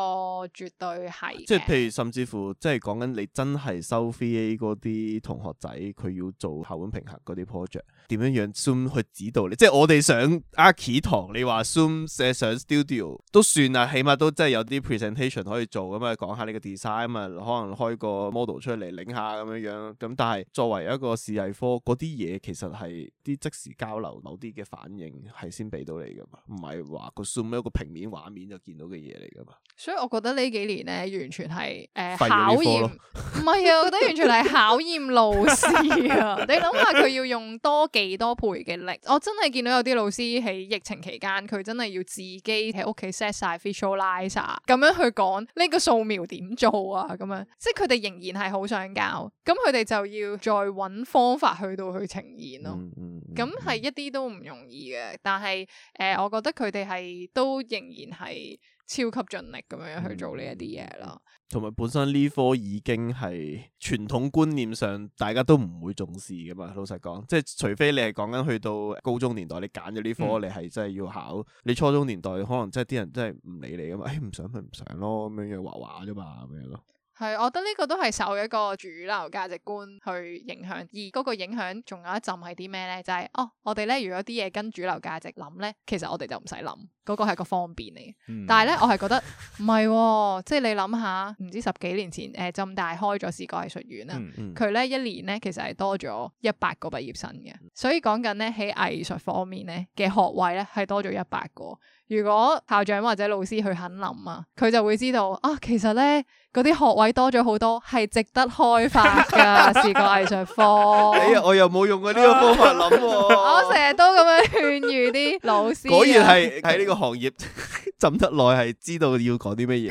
絕對係。即係譬如甚至乎，即係講緊你真係收 VA 嗰啲同學仔，佢要做校本評核嗰啲 project，點樣樣 zoom 去指導你？即係我哋上 ARC 堂，你話 zoom 寫上 studio 都算啊，起碼都真係有啲 presentation 可以做咁啊，講下你個 design 啊，可能開個 model 出嚟擰下咁樣樣。咁但係作為一個視藝科，嗰啲嘢其實係啲即時交流，某啲嘅反應係先。俾到你噶嘛，唔係話個 Zoom 咧個平面畫面就見到嘅嘢嚟噶嘛。所以我覺得呢幾年咧，完全係誒、呃、考驗，唔係啊，我覺得完全係考驗老師啊。 你諗下佢要用多幾多倍嘅力，我真係見到有啲老師喺疫情期間，佢真係要自己喺屋企 set 晒 visualizer 咁樣去講呢、這個素描點做啊，咁樣，即係佢哋仍然係好想教，咁佢哋就要再搵方法去到去呈現咯。咁係、嗯嗯嗯、一啲都唔容易嘅，但係。誒、呃，我覺得佢哋係都仍然係超級盡力咁樣去做呢一啲嘢咯。同埋、嗯嗯、本身呢科已經係傳統觀念上，大家都唔會重視噶嘛。老實講，即係除非你係講緊去到高中年代你，嗯、你揀咗呢科，你係真係要考。你初中年代可能真係啲人真係唔理你噶嘛，誒、哎、唔想咪唔想咯，咁樣樣畫畫啫嘛，咁樣咯。係，我覺得呢個都係受一個主流價值觀去影響，而嗰個影響仲有一陣係啲咩咧？就係、是、哦，我哋咧如果啲嘢跟主流價值諗咧，其實我哋就唔使諗，嗰、那個係個方便嚟。嗯、但係咧，我係覺得唔係、哦，即係你諗下，唔知十幾年前誒，浸、呃、大開咗視覺藝術院啦，佢咧、嗯嗯、一年咧其實係多咗一百個畢業生嘅，所以講緊咧喺藝術方面咧嘅學位咧係多咗一百個。如果校長或者老師去肯諗啊，佢就會知道啊，其實咧。嗰啲學位多咗好多，係值得開發噶視覺藝術科。哎呀，我又冇用過呢個方法諗、啊， 我成日都咁樣勸喻啲老師、啊。果然係喺呢個行業浸 得耐，係知道要講啲乜嘢。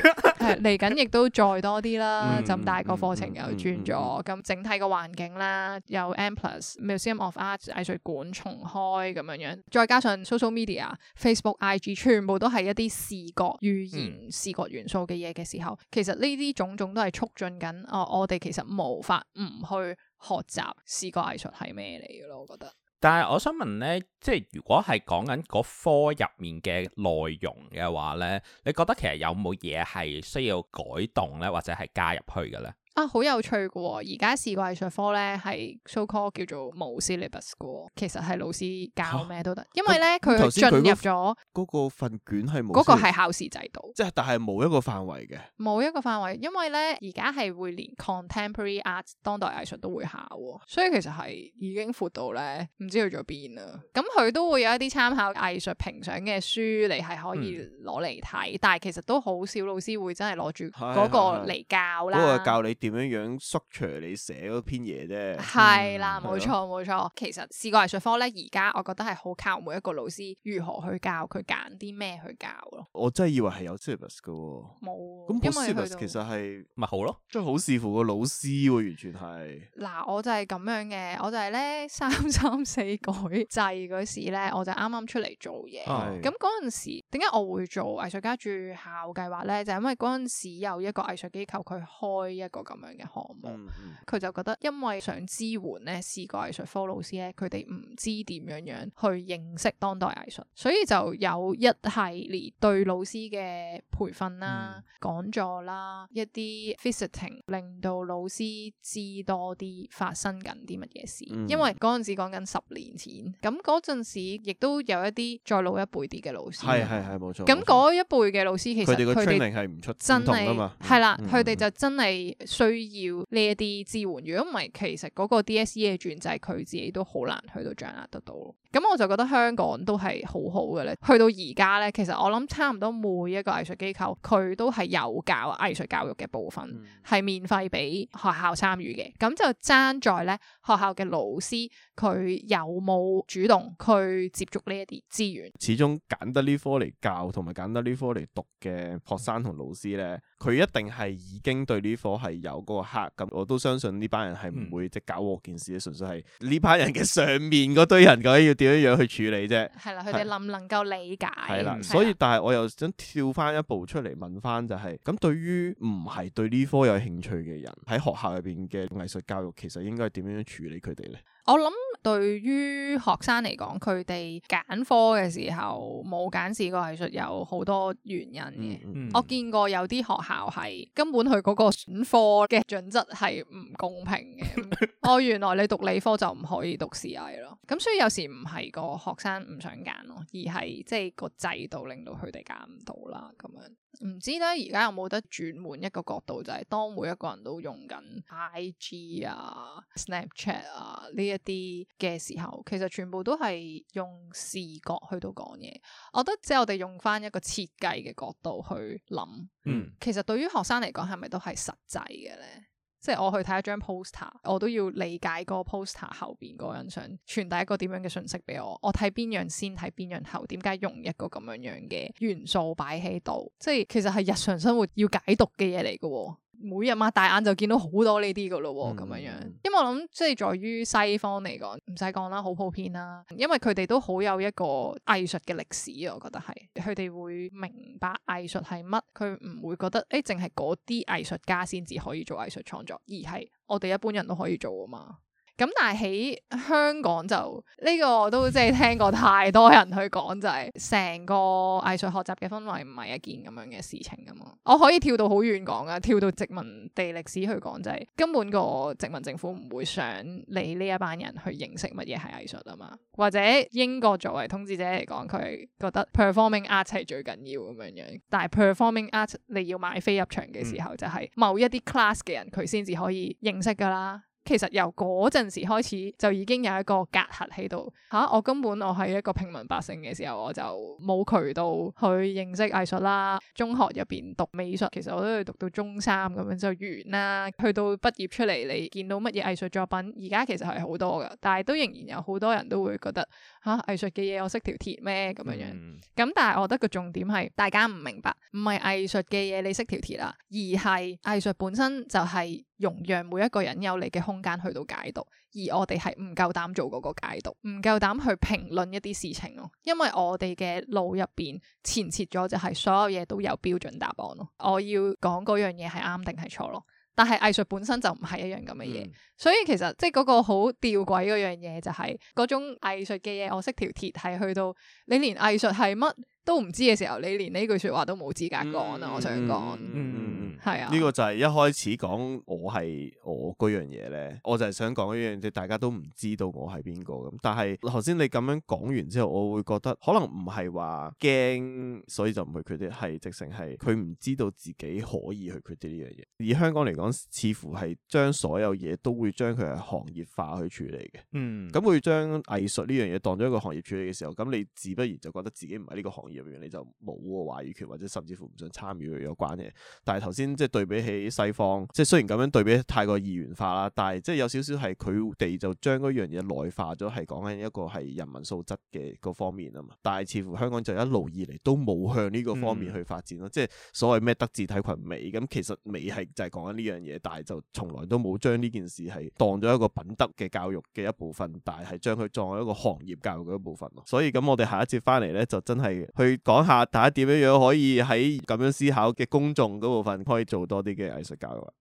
嚟緊亦都再多啲啦，浸、嗯、大個課程又轉咗，咁、嗯嗯嗯嗯嗯、整體個環境啦，有 a M Plus Museum of Art 藝術館重開咁樣樣，再加上 social media、Facebook、IG，全部都係一啲視覺語言、嗯、視覺元素嘅嘢嘅時候，其實呢啲。種種都係促進緊，哦，我我哋其實無法唔去學習視覺藝術係咩嚟嘅咯，我覺得。但係我想問咧，即係如果係講緊嗰科入面嘅內容嘅話咧，你覺得其實有冇嘢係需要改動咧，或者係加入去嘅咧？啊，好有趣嘅、哦，而家視覺藝術科咧係 so called 叫做無 syllabus 嘅、哦，其實係老師教咩都得，啊、因為咧佢、啊、剛進入咗嗰個份卷係冇，嗰個係考試制度，即係但係冇一個範圍嘅，冇一個範圍，因為咧而家係會連 contemporary arts 當代藝術都會考，所以其實係已經闊到咧唔知去咗邊啦。咁、嗯、佢都會有一啲參考藝術評賞嘅書嚟係可以攞嚟睇，嗯、但係其實都好少老師會真係攞住嗰個嚟、嗯、教啦，教你。點樣樣縮除你寫嗰篇嘢啫？係、嗯、啦，冇、啊、錯冇、啊、錯。其實試過藝術科咧，而家我覺得係好靠每一個老師如何去教，佢揀啲咩去教咯。我真係以為係有 service 噶，冇、哦。咁有 service 其實係咪好咯？即係好視乎個老師會、啊、完全係。嗱，我就係咁樣嘅，我就係咧三三四改制嗰時咧，我就啱啱出嚟做嘢。咁嗰陣時，點解我會做藝術家駐校計劃咧？就係、是、因為嗰陣時有一個藝術機構，佢開一個。咁樣嘅項目，佢就覺得因為想支援呢視覺藝術科老師呢佢哋唔知點樣樣去認識當代藝術，所以就有一系列對老師嘅培訓啦、嗯、講座啦、一啲 visiting，令到老師知多啲發生緊啲乜嘢事。嗯、因為嗰陣時講緊十年前，咁嗰陣時亦都有一啲再老一輩啲嘅老師，係係冇錯。咁嗰一輩嘅老師，其實佢哋嘅 training 係唔出真係，係、嗯、啦，佢哋就真係。需要呢一啲支援，如果唔係，其實嗰個 DSE 嘅轉制，佢自己都好難去到掌握得到咯。咁、嗯、我就覺得香港都係好好嘅咧。去到而家咧，其實我諗差唔多每一個藝術機構，佢都係有教藝術教育嘅部分，係、嗯、免費俾學校參與嘅。咁就爭在咧學校嘅老師，佢有冇主動去接觸呢一啲資源？始終揀得呢科嚟教同埋揀得呢科嚟讀嘅學生同老師咧，佢一定係已經對呢科係有個客。咁我都相信呢班人係唔會、嗯、即係搞錯件事，純粹係呢班人嘅上面嗰堆人嘅要。點樣樣去處理啫？係啦，佢哋能唔能夠理解？係啦，的所以但係我又想跳翻一步出嚟問翻、就是，就係咁。對於唔係對呢科有興趣嘅人，喺學校入邊嘅藝術教育，其實應該點樣樣處理佢哋呢？我諗對於學生嚟講，佢哋揀科嘅時候冇揀試過藝術，有好多原因嘅。嗯嗯、我見過有啲學校係根本佢嗰個選科嘅準則係唔公平嘅。我、 哦、原來你讀理科就唔可以讀視藝咯。咁所以有時唔係個學生唔想揀咯，而係即係個制度令到佢哋揀唔到啦。咁樣。唔知咧，而家有冇得轉換一個角度，就係當每一個人都用緊 IG 啊、Snapchat 啊呢一啲嘅時候，其實全部都係用視覺去到講嘢。我覺得只要我哋用翻一個設計嘅角度去諗，嗯，其實對於學生嚟講，係咪都係實際嘅咧？即係我去睇一張 poster，我都要理解個 poster 後邊個人想傳達一個點樣嘅信息俾我。我睇邊樣先，睇邊樣後，點解用一個咁樣樣嘅元素擺喺度？即係其實係日常生活要解讀嘅嘢嚟㗎。每日擘大眼就見到好多呢啲㗎咯，咁樣、嗯、樣，因為我諗即係在於西方嚟講，唔使講啦，好普遍啦，因為佢哋都好有一個藝術嘅歷史，我覺得係佢哋會明白藝術係乜，佢唔會覺得誒，淨係嗰啲藝術家先至可以做藝術創作，而係我哋一般人都可以做㗎嘛。咁但係喺香港就呢個我都即係聽過太多人去講，就係成個藝術學習嘅氛圍唔係一件咁樣嘅事情噶嘛。我可以跳到好遠講啊，跳到殖民地歷史去講，就係根本個殖民政府唔會想你呢一班人去認識乜嘢係藝術啊嘛。或者英國作為統治者嚟講，佢覺得 performing art 係最緊要咁樣樣。但係 performing art 你要買飛入場嘅時候，就係某一啲 class 嘅人，佢先至可以認識噶啦。其實由嗰陣時開始就已經有一個隔閡喺度，吓、啊、我根本我係一個平民百姓嘅時候，我就冇渠道去認識藝術啦。中學入邊讀美術，其實我都係讀到中三咁樣就完啦。去到畢業出嚟，你見到乜嘢藝術作品，而家其實係好多㗎，但係都仍然有好多人都會覺得。吓，藝術嘅嘢我識條鐵咩咁樣？咁、嗯、但係我覺得個重點係大家唔明白，唔係藝術嘅嘢你識條鐵啦，而係藝術本身就係容讓每一個人有你嘅空間去到解讀，而我哋係唔夠膽做嗰個解讀，唔夠膽去評論一啲事情咯，因為我哋嘅腦入邊前設咗就係所有嘢都有標準答案咯，我要講嗰樣嘢係啱定係錯咯。但係藝術本身就唔係一樣咁嘅嘢，嗯、所以其實即係嗰個好吊詭嗰樣嘢就係、是、嗰種藝術嘅嘢，我識條鐵係去到你連藝術係乜都唔知嘅時候，你連呢句說話都冇資格講啦。嗯、我想講。嗯嗯嗯嗯係啊，呢個就係一開始講我係我嗰樣嘢咧，我就係想講一樣，即大家都唔知道我係邊個咁。但係頭先你咁樣講完之後，我會覺得可能唔係話驚，所以就唔去決定，係直情係佢唔知道自己可以去決定呢樣嘢。而香港嚟講，似乎係將所有嘢都會將佢係行業化去處理嘅。嗯，咁會將藝術呢樣嘢當咗一個行業處理嘅時候，咁你自不然就覺得自己唔係呢個行業入面，你就冇個話語權，或者甚至乎唔想參與有關嘅。但係頭先。即係對比起西方，即係雖然咁樣對比太過二元化啦，但係即係有少少係佢哋就將嗰樣嘢內化咗，係講緊一個係人民素質嘅嗰方面啊嘛。但係似乎香港就一路以嚟都冇向呢個方面去發展咯。嗯、即係所謂咩德智體群美，咁其實美係就係講緊呢樣嘢，但係就從來都冇將呢件事係當咗一個品德嘅教育嘅一部分，但係係將佢作為一個行業教育嘅一部分咯。所以咁我哋下一節翻嚟咧，就真係去講下大家點樣樣可以喺咁樣思考嘅公眾嗰部分做多啲嘅藝術教育啊！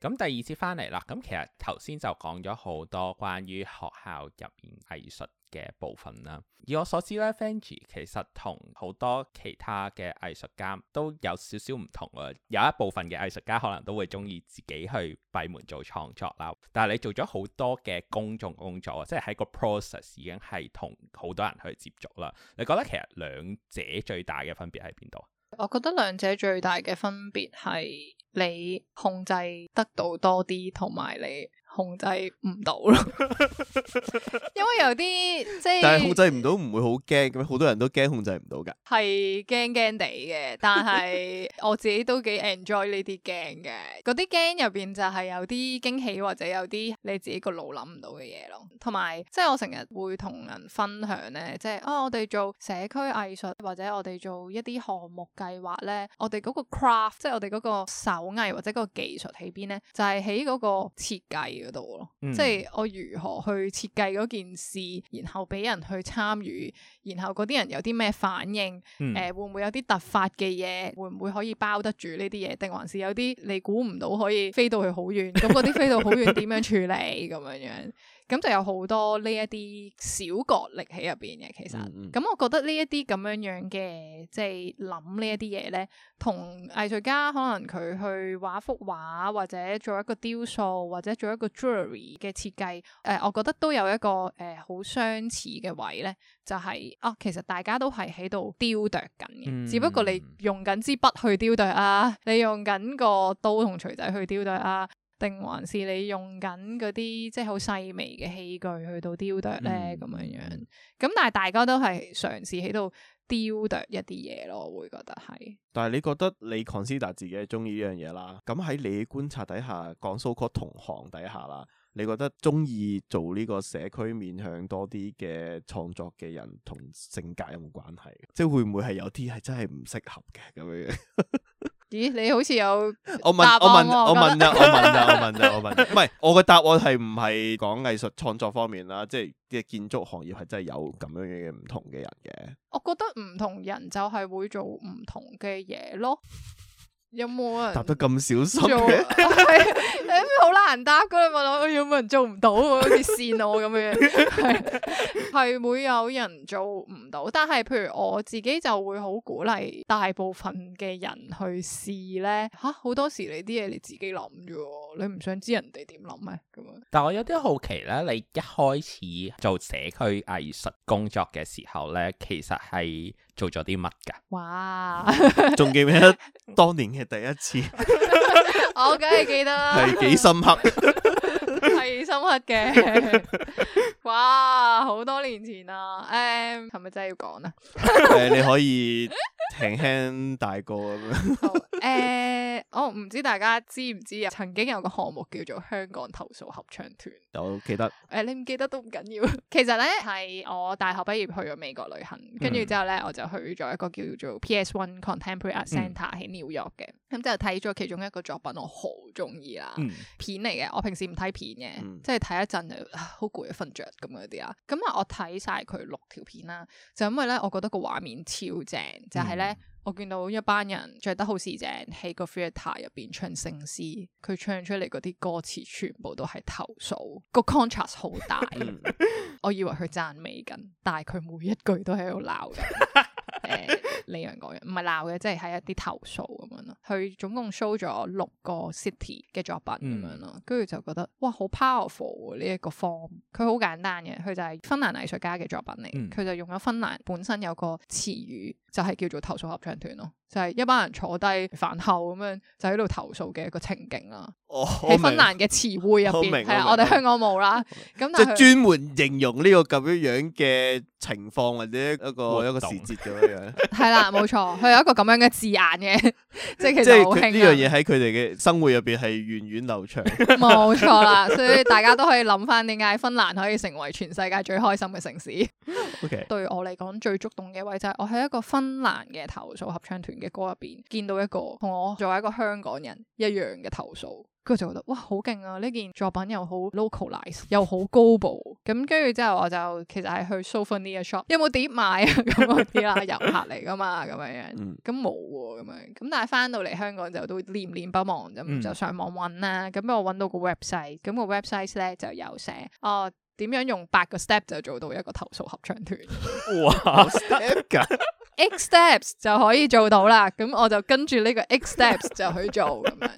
咁 第二次翻嚟啦，咁其實頭先就講咗好多關於學校入面藝術嘅部分啦，以我所知咧，Vangi 其實同好多其他嘅藝術家都有少少唔同啊。有一部分嘅藝術家可能都會鍾意自己去閉門做創作啦，但係你做咗好多嘅公眾工作，即係喺個 process 已經係同好多人去接觸啦。你覺得其實兩者最大嘅分別喺邊度？我覺得兩者最大嘅分別係你控制得到多啲，同埋你。控制唔到咯，因為有啲即係控制唔到，唔會好驚嘅，好多人都驚控制唔到噶係驚驚地嘅。但係我自己都幾 enjoy 呢啲驚嘅，嗰啲驚入邊就係有啲驚喜或者有啲你自己個腦諗唔到嘅嘢咯。同埋即係我成日會同人分享咧，即係啊，我哋做社區藝術或者我哋做一啲項目計劃咧，我哋嗰個 craft，即係我哋嗰個手藝或者個技術喺邊咧，就係喺嗰個設計。度、嗯、即係我如何去設計嗰件事，然後俾人去參與，然後嗰啲人有啲咩反應，誒、嗯呃、會唔會有啲突發嘅嘢，會唔會可以包得住呢啲嘢，定還是有啲你估唔到可以飛到去好遠，咁嗰啲飛到好遠點樣 處理咁樣樣？咁就有好多呢一啲小角力喺入邊嘅，其實，咁、嗯嗯、我覺得這這、就是、呢一啲咁樣樣嘅，即係諗呢一啲嘢咧，同藝術家可能佢去畫幅畫，或者做一個雕塑，或者做一個 jewelry 嘅設計，誒、呃，我覺得都有一個誒好、呃、相似嘅位咧，就係、是、啊，其實大家都係喺度雕琢緊嘅，嗯嗯只不過你用緊支筆去雕琢啊，你用緊個刀同錘仔去雕琢啊。定還是你用緊嗰啲即係好細微嘅器具去到雕琢呢？咁樣、嗯、樣，咁但係大家都係嘗試喺度雕琢一啲嘢咯，我會覺得係。但係你覺得你 Constance 自己係鍾意呢樣嘢啦，咁喺你觀察底下，講 SoCo 同行底下啦，你覺得鍾意做呢個社區面向多啲嘅創作嘅人，同性格有冇關係？即係會唔會係有啲係真係唔適合嘅咁樣？ 咦，你好似有我問，我問，我問，我問呀，我問呀，我問呀，我問，唔係我嘅答案係唔係講藝術創作方面啦，即係嘅建築行業係真係有咁樣樣嘅唔同嘅人嘅。我覺得唔同人就係會做唔同嘅嘢咯。有冇啊？答得咁小心嘅？係 做，好 難答噶。你問我，有冇人做唔到？好似試我咁樣，係係會有人做唔到。但係，譬如我自己就會好鼓勵大部分嘅人去試咧。吓、啊，好多時你啲嘢你自己諗啫，你唔想知人哋點諗咩？咁啊？但我有啲好奇咧，你一開始做社區藝術工作嘅時候咧，其實係。做咗啲乜㗎？哇！仲記唔記得當年嘅第一次？我梗係記得啦，係幾深刻。係深刻嘅， 哇！好多年前啦、啊，誒、嗯，係咪真係要講咧、啊？誒、 呃，你可以輕輕大個咁樣。誒、呃，我唔、 哦、知大家知唔知啊？曾經有個項目叫做香港投訴合唱團，我記得？誒、呃，你唔記得都唔緊要。其實咧，係我大學畢業去咗美國旅行，跟住、嗯、之後咧，我就去咗一個叫做 PS One Contemporary Art Center 喺紐、嗯、約嘅，咁之後睇咗其中一個作品我，我好中意啦，片嚟嘅。我平時唔睇片。嘅，嗯、即係睇一陣就好攰，瞓着咁嗰啲啊。咁啊、嗯嗯，我睇晒佢六條片啦，就因為咧，我覺得個畫面超正。就係、是、咧，我見到一班人着得好時正，喺個 Freighter 入邊唱聖詩。佢唱出嚟嗰啲歌詞，全部都係投訴，個 contrast 好大。嗯、 我以為佢讚美緊，但係佢每一句都喺度鬧誒，呢樣嗰樣唔係鬧嘅，即係係一啲投訴咁樣咯。佢總共 show 咗六個 city 嘅作品咁樣咯，跟住就覺得哇，好 powerful 呢一個 form。佢好簡單嘅，佢就係芬蘭藝術家嘅作品嚟。佢就用咗芬蘭本身有個詞語，就係叫做投訴合唱團咯，就係一班人坐低飯後咁樣就喺度投訴嘅一個情景啦。哦，喺芬蘭嘅詞彙入邊係啊，我哋香港冇啦。咁就係專門形容呢個咁樣樣嘅情況或者一個一個時節。係啦，冇錯， 佢有一個咁樣嘅字眼嘅， 即係其實好興呢樣嘢喺佢哋嘅生活入邊，係源遠流長，冇錯啦。所以大家都可以諗翻點解芬蘭可以成為全世界最開心嘅城市。Okay. 對我嚟講最觸動嘅位就係我喺一個芬蘭嘅投訴合唱團嘅歌入邊見到一個同我作為一個香港人一樣嘅投訴。佢就覺得哇好勁啊！呢件作品又好 localize，又好 global。咁跟住之後，我就其實係去 souvenir shop，、嗯、有冇碟賣啊？咁嗰啲啦，遊客嚟噶嘛，咁樣樣。咁冇喎，咁樣。咁但係翻到嚟香港就都念念不忘，咁就上網搵啦。咁我搵到個 website，咁個 website 咧就有寫哦，點樣用八個 step 就做到一個投訴合唱團？ 哇 eight steps 就可以做到啦。咁我就跟住呢個 X steps 就去做咁樣。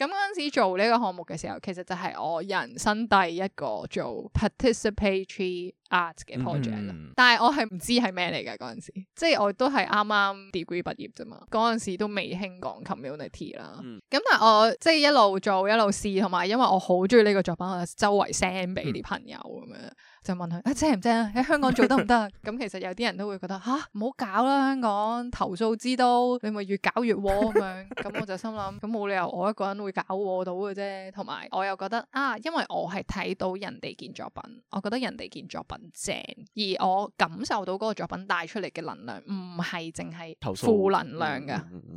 咁嗰陣時做呢個項目嘅時候，其實就係我人生第一個做 participatory art 嘅 project、嗯嗯、但係我係唔知係咩嚟㗎嗰陣時，即係我都係啱啱 degree 畢業啫嘛，嗰陣時都未興講 community 啦。咁、嗯、但係我即係一路做一路試，同埋因為我好中意呢個作品，我就周圍 send 俾啲朋友咁樣，嗯、就問佢啊正唔正？喺香港做得唔得？咁 其實有啲人都會覺得嚇，唔好搞啦，香港投訴之都，你咪越搞越戇咁樣。咁 我就心諗，咁冇理由我一個人會搞戇到嘅啫。同埋我又覺得啊，因為我係睇到人哋件作品，我覺得人哋件作品。正而我感受到嗰個作品帶出嚟嘅能量，唔係淨係負能量噶，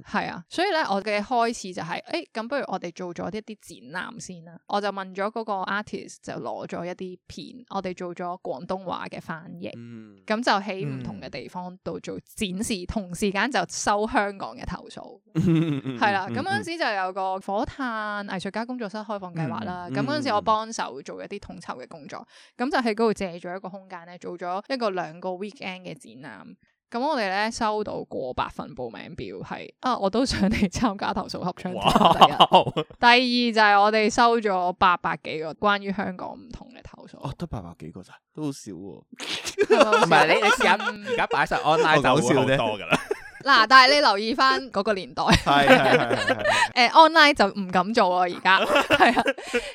係啊、嗯嗯，所以咧我嘅開始就係、是，誒、欸，咁不如我哋做咗一啲展覽先啦。我就問咗嗰個 artist 就攞咗一啲片，我哋做咗廣東話嘅翻譯，咁、嗯、就喺唔同嘅地方度做展示，嗯、同時間就收香港嘅投訴，係啦、嗯。咁嗰陣時就有個火炭藝術家工作室開放計劃啦。咁嗰陣時我幫手做一啲統籌嘅工作，咁就喺嗰度借咗一個。空間咧，做咗一個兩個 weekend 嘅展啊，咁我哋咧，收到過百份報名表。係啊我都想嚟參加投訴合唱。第一哇！第二就係我哋收咗八百幾個關於香港唔同嘅投訴，得八百幾個咋，都好少喎、啊。唔 係你你試、嗯、而家擺晒，我 n l i n 多噶啦。 嗱， 但係你留意翻嗰個年代、 嗯，係 online 就唔敢做啊。而家係啊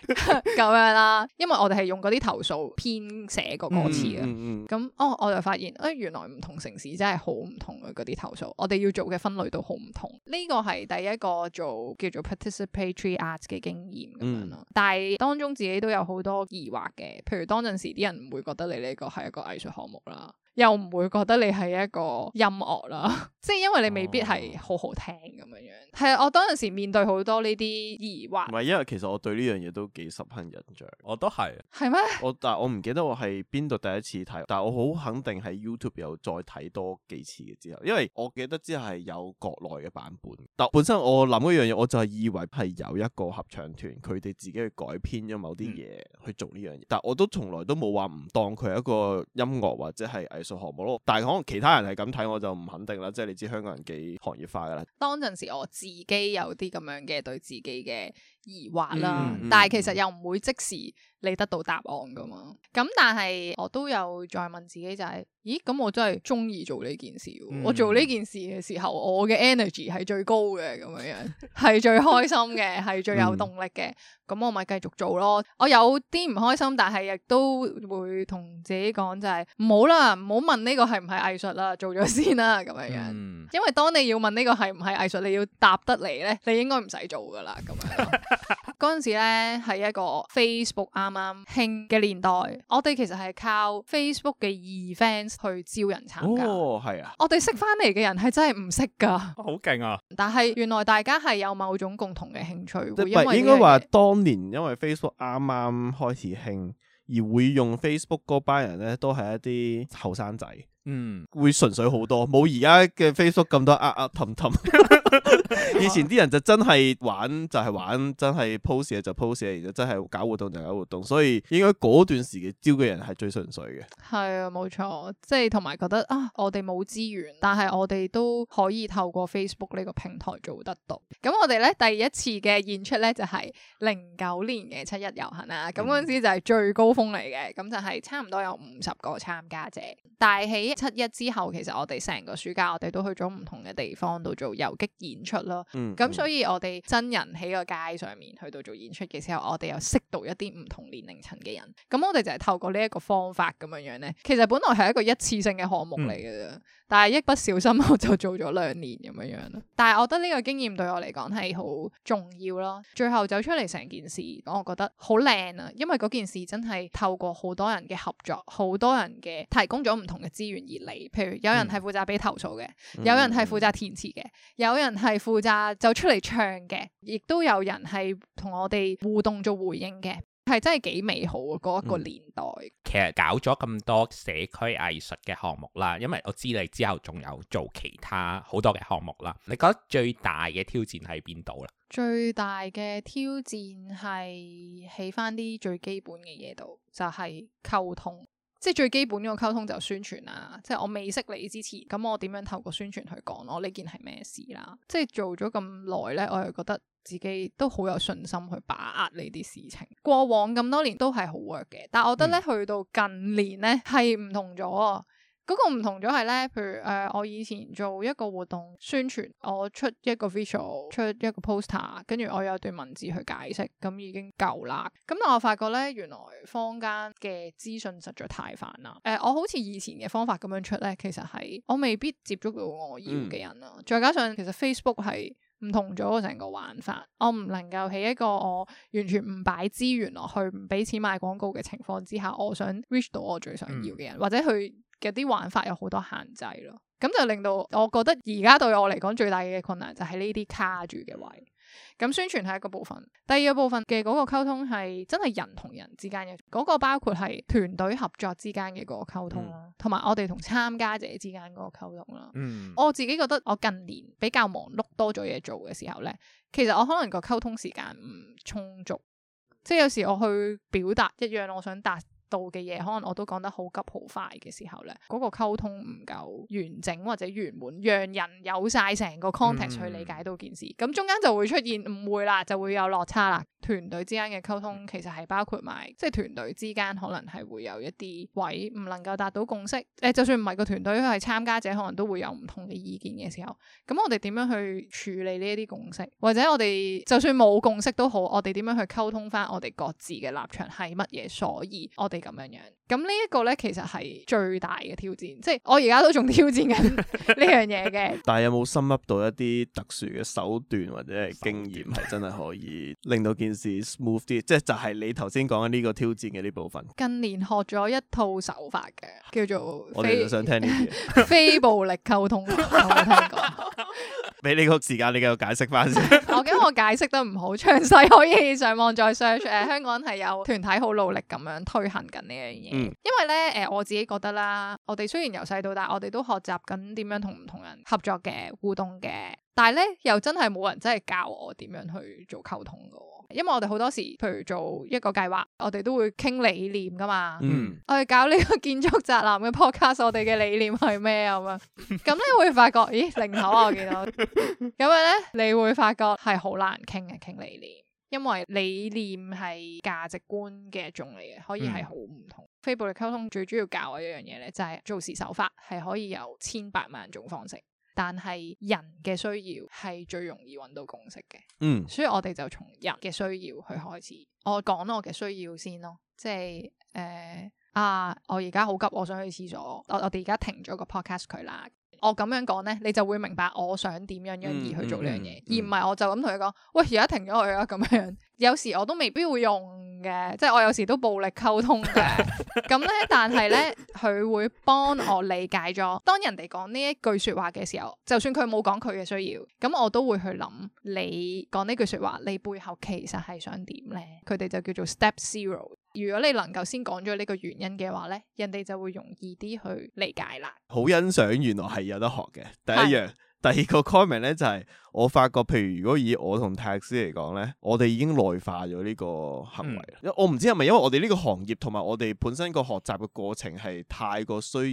咁樣啦，因為我哋係用嗰啲投訴編寫個歌詞啊、嗯，咁哦我就發現，誒原來唔同城市真係好唔同啊！嗰啲投訴，我哋要做嘅分類都好唔同。呢個係第一個做叫做 participatory arts 嘅經驗咁樣咯。但係當中自己都有好多疑惑嘅，譬如當陣時啲人唔會覺得你呢個係一個藝術項目啦。嗯嗯嗯嗯嗯嗯嗯又唔會覺得你係一個音樂啦，即係因為你未必係好好聽咁樣樣。係啊，我當陣時面對好多呢啲疑惑。唔係因為其實我對呢樣嘢都幾十分印象，我都係。係咩嗎？我但係我唔記得我喺邊度第一次睇，但我好肯定喺 YouTube 有再睇多幾次嘅之後，因為我記得之後係有國內嘅版本。但本身我諗一樣嘢，我就係以為係有一個合唱團，佢哋自己去改編咗某啲嘢、嗯、去做呢樣嘢。但我都從來都冇話唔當佢係一個音樂或者係做項目咯，但係可能其他人係咁睇，我就唔肯定啦。即係你知香港人幾行業化噶啦。當陣時我自己有啲咁樣嘅對自己嘅。疑惑啦，嗯嗯、但係其實又唔會即時你得到答案噶嘛。咁但係我都有再問自己就係、是，咦咁、嗯、我真係中意做呢件事，嗯、我做呢件事嘅時候，我嘅 energy 係最高嘅，咁樣樣係最開心嘅，係最有動力嘅。咁、嗯、我咪繼續做咯。我有啲唔開心，但係亦都會同自己講就係、是，唔好啦，唔好問呢個係唔係藝術啦，做咗先啦，咁樣樣。嗯、因為當你要問呢個係唔係藝術，你要答得嚟咧，你應該唔使做噶啦，咁樣。嗯嗰陣 時咧係一個 Facebook 啱啱興嘅年代，我哋其實係靠 Facebook 嘅 Events 去招人參加，係、哦、啊，我哋識翻嚟嘅人係真係唔識噶好勁、哦、啊！但係原來大家係有某種共同嘅興趣，因為應該話當年因為 Facebook 啱啱開始興，而會用 Facebook 嗰班人咧都係一啲後生仔。嗯，會純粹好多，冇而家嘅 Facebook 咁多呃呃氹氹。以前啲人就真係玩就係玩，真係 post 嘢，就 post 嘢。其實真係搞活動就搞活動。所以應該嗰段時嘅招嘅人係最純粹嘅。係啊，冇錯，即係同埋覺得啊，我哋冇資源，但係我哋都可以透過 Facebook 呢個平台做得到。咁我哋咧第一次嘅演出咧就係零九年嘅七一遊行啊。咁嗰陣時就係最高峰嚟嘅，咁就係差唔多有五十個參加者，大喜。七一之後，其實我哋成個暑假，我哋都去咗唔同嘅地方度做游擊演出咯。咁、嗯、所以，我哋真人喺個街上面去到做演出嘅時候，我哋又識到一啲唔同年齡層嘅人。咁我哋就係透過呢一個方法咁樣樣咧。其實本來係一個一次性嘅項目嚟嘅，嗯、但係一不小心我就做咗兩年咁樣樣。但係我覺得呢個經驗對我嚟講係好重要咯。最後走出嚟成件事，我覺得好靚啊！因為嗰件事真係透過好多人嘅合作，好多人嘅提供咗唔同嘅資源。而嚟，譬如有人係負責俾投訴嘅，嗯、有人係負責填詞嘅，有人係負責就出嚟唱嘅，亦都有人係同我哋互動做回應嘅，係真係幾美好啊！嗰一個年代。嗯、其實搞咗咁多社區藝術嘅項目啦，因為我知你之後仲有做其他好多嘅項目啦。你覺得最大嘅挑戰喺邊度啦？最大嘅挑戰係喺翻啲最基本嘅嘢度，就係、是、溝通。即係最基本嗰個溝通就宣傳啦、啊，即係我未識你之前，咁我點樣透過宣傳去講我呢件係咩事啦、啊？即係做咗咁耐咧，我又覺得自己都好有信心去把握呢啲事情。過往咁多年都係好 work 嘅，但係我覺得咧，嗯、去到近年咧係唔同咗。嗰個唔同咗係咧，譬如誒、呃，我以前做一個活動宣傳，我出一個 visual，出一個 poster，跟住我有段文字去解釋，咁已經夠啦。咁但我發覺咧，原來坊間嘅資訊實在太煩啦。誒、呃，我好似以前嘅方法咁樣出咧，其實係我未必接觸到我要嘅人啦。嗯、再加上其實 Facebook 係唔同咗我成個玩法，我唔能夠喺一個我完全唔擺資源落去，唔俾錢賣廣告嘅情況之下，我想 reach 到我最想要嘅人，嗯、或者去。嘅啲玩法有好多限制咯，咁就令到我覺得而家對我嚟講最大嘅困難就係呢啲卡住嘅位。咁宣傳係一個部分，第二個部分嘅嗰個溝通係真係人同人之間嘅，嗰個包括係團隊合作之間嘅嗰個溝通啦，同埋、嗯、我哋同參加者之間嗰個溝通啦。嗯，我自己覺得我近年比較忙碌多咗嘢做嘅時候咧，其實我可能個溝通時間唔充足，即係有時我去表達一樣，我想達。度嘅嘢，可能我都講得好急好快嘅時候咧，嗰、那個溝通唔夠完整或者圓滿，讓人有晒成個 context 去理解到件事，咁、嗯嗯、中間就會出現誤會啦，就會有落差啦。團隊之間嘅溝通其實，係包括埋，即係團隊之間可能係會有一啲位唔能夠達到共識誒、呃，就算唔係個團隊佢係參加者，可能都會有唔同嘅意見嘅時候，咁我哋點樣去處理呢一啲共識，或者我哋就算冇共識都好，我哋點樣去溝通翻我哋各自嘅立場係乜嘢？所以我哋。咁樣樣。咁呢一個咧，其實係最大嘅挑戰，即係我而家都仲挑戰緊呢樣嘢嘅。但係有冇深入到一啲特殊嘅手段或者係經驗，係真係可以令到件事 smooth 啲？ 即係就係你頭先講緊呢個挑戰嘅呢部分。近年學咗一套手法嘅，叫做我哋想聽呢啲 非暴力溝通，有冇 聽過？俾 你個時間，你繼續解釋翻先。 我驚我解釋得唔好，詳細可以上網再 search。誒、啊，香港係有團體好努力咁樣推行緊呢樣嘢。因為咧，誒、呃，我自己覺得啦，我哋雖然由細到大，我哋都學習緊點樣同唔同人合作嘅互動嘅，但係咧又真係冇人真係教我點樣去做溝通噶。因為我哋好多時，譬如做一個計劃，我哋都會傾理念噶嘛。嗯，我哋、哎，搞呢個建築宅男嘅 podcast，我哋嘅理念係咩啊咁樣？咁 你會發覺，咦，零頭啊，我見到咁樣咧，你會發覺係好難傾嘅，傾理念。因為理念係價值觀嘅一種嚟嘅，可以係好唔同。嗯、非暴力溝通最主要教我一樣嘢咧，就係、是、做事手法係可以有千百萬種方式，但係人嘅需要係最容易揾到共識嘅。嗯，所以我哋就從人嘅需要去開始。我講我嘅需要先咯，即係誒。呃啊！我而家好急，我想去廁所。我我哋而家停咗個 podcast 佢啦。我咁樣講咧，你就會明白我想點樣樣而去做呢樣嘢，嗯嗯嗯、而唔係我就咁同佢講。喂，而家停咗佢啦咁樣。有時我都未必會用嘅，即係我有時都暴力溝通嘅。咁咧， 但係咧，佢 會幫我理解咗。當人哋講呢一句說話嘅時候，就算佢冇講佢嘅需要，咁我都會去諗你講呢句說話，你背後其實係想點咧？佢哋就叫做 step zero。如果你能夠先講咗呢個原因嘅話咧，人哋就會容易啲去理解啦。好欣賞，原來，係有得學嘅。第一樣的第二個 comment 咧就係、是。我發覺，譬如如果以我同 Taxi 嚟講呢，我哋已經內化咗呢個行為。嗯、我唔知係咪因為我哋呢個行業同埋我哋本身個學習嘅過程係太過需要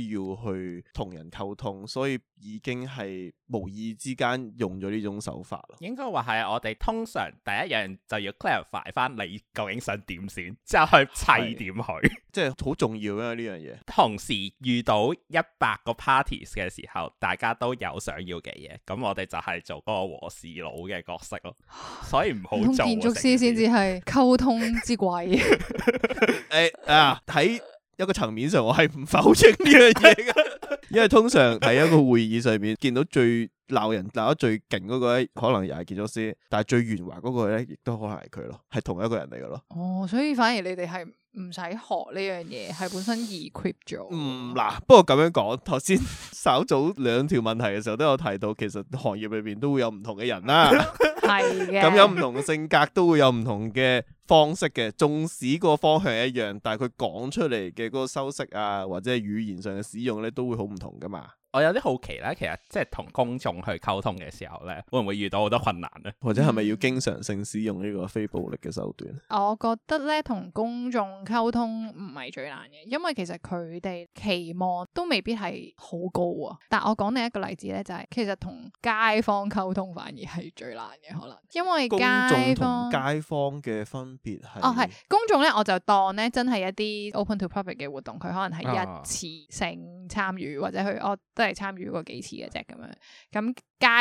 去同人溝通，所以已經係無意之間用咗呢種手法咯。應該話係我哋通常第一樣就要 clarify 翻你究竟想點先，之後去砌點佢，的 即係好重要啊呢樣嘢。同時遇到一百個 parties 嘅時候，大家都有想要嘅嘢，咁我哋就係做個。和事佬嘅角色咯，所以唔好做、啊、建築師先至係溝通之鬼。誒、 欸、啊！喺一個層面上我，我係唔否認呢樣嘢嘅，因為通常喺一個會議上面見到最鬧人鬧得最勁嗰個咧，可能又係建築師，但係最圓滑嗰個咧，亦都可能係佢咯，係同一一個人嚟嘅咯。哦，所以反而你哋係。唔使學呢樣嘢，係本身 equip 咗。嗯，嗱，不過咁樣講，頭先稍早兩條問題嘅時候都有提到，其實行業裏邊都會有唔同嘅人啦、啊。係嘅 的，咁有唔同嘅性格，都會有唔同嘅方式嘅。縱使個方向一樣，但係佢講出嚟嘅嗰個修飾啊，或者係語言上嘅使用咧，都會好唔同噶嘛。我有啲好奇咧，其實即係同公眾去溝通嘅時候咧，會唔會遇到好多困難咧？或者係咪要經常性使用呢個非暴力嘅手段？我覺得咧，同公眾溝通唔係最難嘅，因為其實佢哋期望都未必係好高啊。但係我講另一個例子咧，就係、是、其實同街坊溝通反而係最難嘅，可能因為公眾同街坊嘅分別係哦，係公眾咧，我就當咧真係一啲 open to public 嘅活動，佢可能係一次性參與、啊、或者去我。係參與過幾次嘅啫，咁樣咁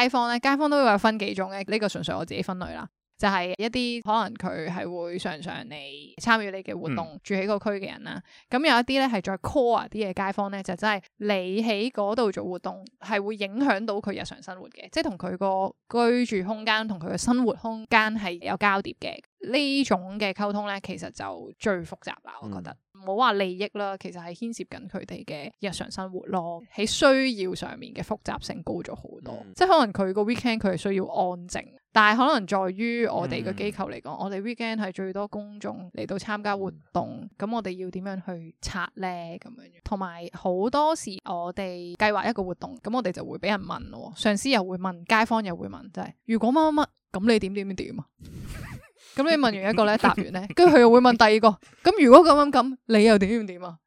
街坊咧，街坊都會分幾種嘅，呢個純粹我自己分類啦。就係一啲可能佢係會常常你參與你嘅活動、嗯、住喺個區嘅人啦，咁有一啲咧係再 call 啲嘅街坊咧，就真、是、係你喺嗰度做活動係會影響到佢日常生活嘅，即係同佢個居住空間同佢嘅生活空間係有交疊嘅呢種嘅溝通咧，其實就最複雜啦。嗯、我覺得唔好話利益啦，其實係牽涉緊佢哋嘅日常生活咯，喺需要上面嘅複雜性高咗好多，嗯、即係可能佢個 weekend 佢係需要安靜。但係可能在於我哋嘅機構嚟講，嗯、我哋 weekend 係最多公眾嚟到參加活動，咁、嗯、我哋要點樣去拆咧咁樣？同埋好多時我哋計劃一個活動，咁我哋就會俾人問，上司又會問，街坊又會問，就係、是、如果乜乜乜咁，你點點點啊？咁 你問完一個咧，答完咧，跟住佢又會問第二個。咁如果咁咁咁，你又點點點啊？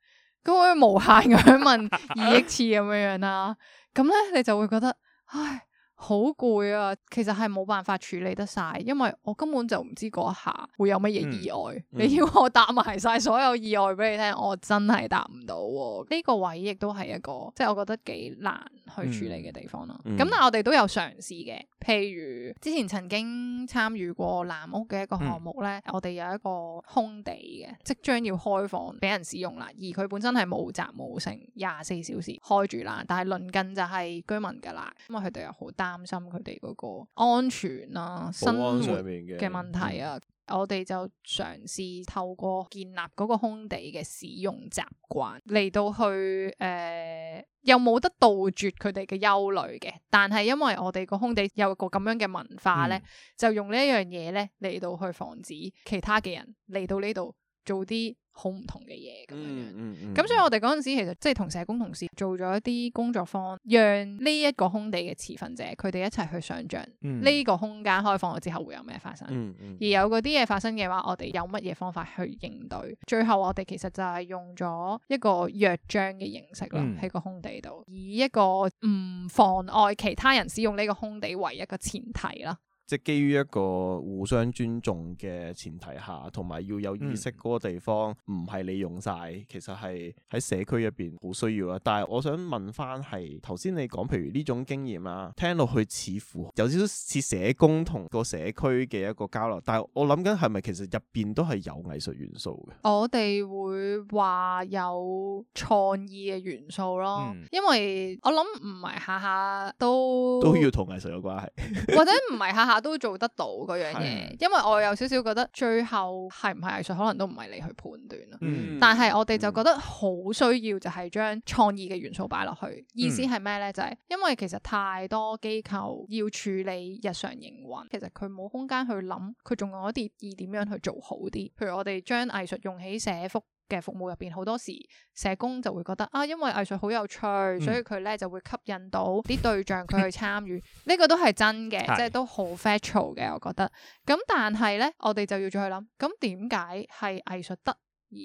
咁我會無限咁樣問二億次咁樣樣、啊、啦。咁咧你就會覺得唉。好攰啊！其實係冇辦法處理得晒，因為我根本就唔知嗰下會有乜嘢意外。嗯嗯、你要我答埋晒所有意外俾你聽，我真係答唔到、啊。呢、這個位亦都係一個，即、就、係、是、我覺得幾難去處理嘅地方咯、啊。咁、嗯嗯嗯、但係我哋都有嘗試嘅，譬如之前曾經參與過藍屋嘅一個項目呢，嗯、我哋有一個空地嘅，即將要開放俾人使用啦。而佢本身係冇閘冇城，廿四小時開住啦，但係鄰近就係居民噶啦，因為佢哋又好大。擔心佢哋嗰個安全啊、生活上面嘅問題啊，我哋就嘗試透過建立嗰個空地嘅使用習慣嚟到去誒、呃，又冇得杜絕佢哋嘅憂慮嘅，但係因為我哋個空地有個咁樣嘅文化咧，嗯、就用呢一樣嘢咧嚟到去防止其他嘅人嚟到呢度做啲。好唔同嘅嘢咁樣樣，咁、嗯嗯嗯嗯、所以我哋嗰陣時其實即係同社工同事做咗一啲工作坊，讓呢一個空地嘅持份者佢哋一齊去想象呢個空間開放咗之後會有咩發生，嗯嗯、而有嗰啲嘢發生嘅話，我哋有乜嘢方法去應對？最後我哋其實就係用咗一個約章嘅形式啦，喺個空地度，嗯、以一個唔妨礙其他人使用呢個空地為一個前提啦。即係基於一個互相尊重嘅前提下，同埋要有意識個地方唔係、嗯、你用晒，其實係喺社區入邊好需要啦。但係我想問翻係頭先你講譬如呢種經驗啊，聽落去似乎有少少似社工同個社區嘅一個交流，但係我諗緊係咪其實入邊都係有藝術元素嘅？我哋會話有創意嘅元素咯，嗯、因為我諗唔係下下都都要同藝術有關係， 或者唔係下下。都做得到嗰樣嘢，的因為我有少少覺得最後係唔係藝術，可能都唔係你去判斷啦。嗯、但係我哋就覺得好需要就係將創意嘅元素擺落去。意思係咩咧？就係、是、因為其實太多機構要處理日常營運，其實佢冇空間去諗，佢仲有一啲意點樣去做好啲。譬如我哋將藝術用喺社福嘅服務入邊，好多時社工就會覺得啊，因為藝術好有趣，所以佢咧就會吸引到啲對象佢去參與。呢 個都係真嘅， 即係都好 factual 嘅，我覺得。咁但係咧，我哋就要再去諗，咁點解係藝術得而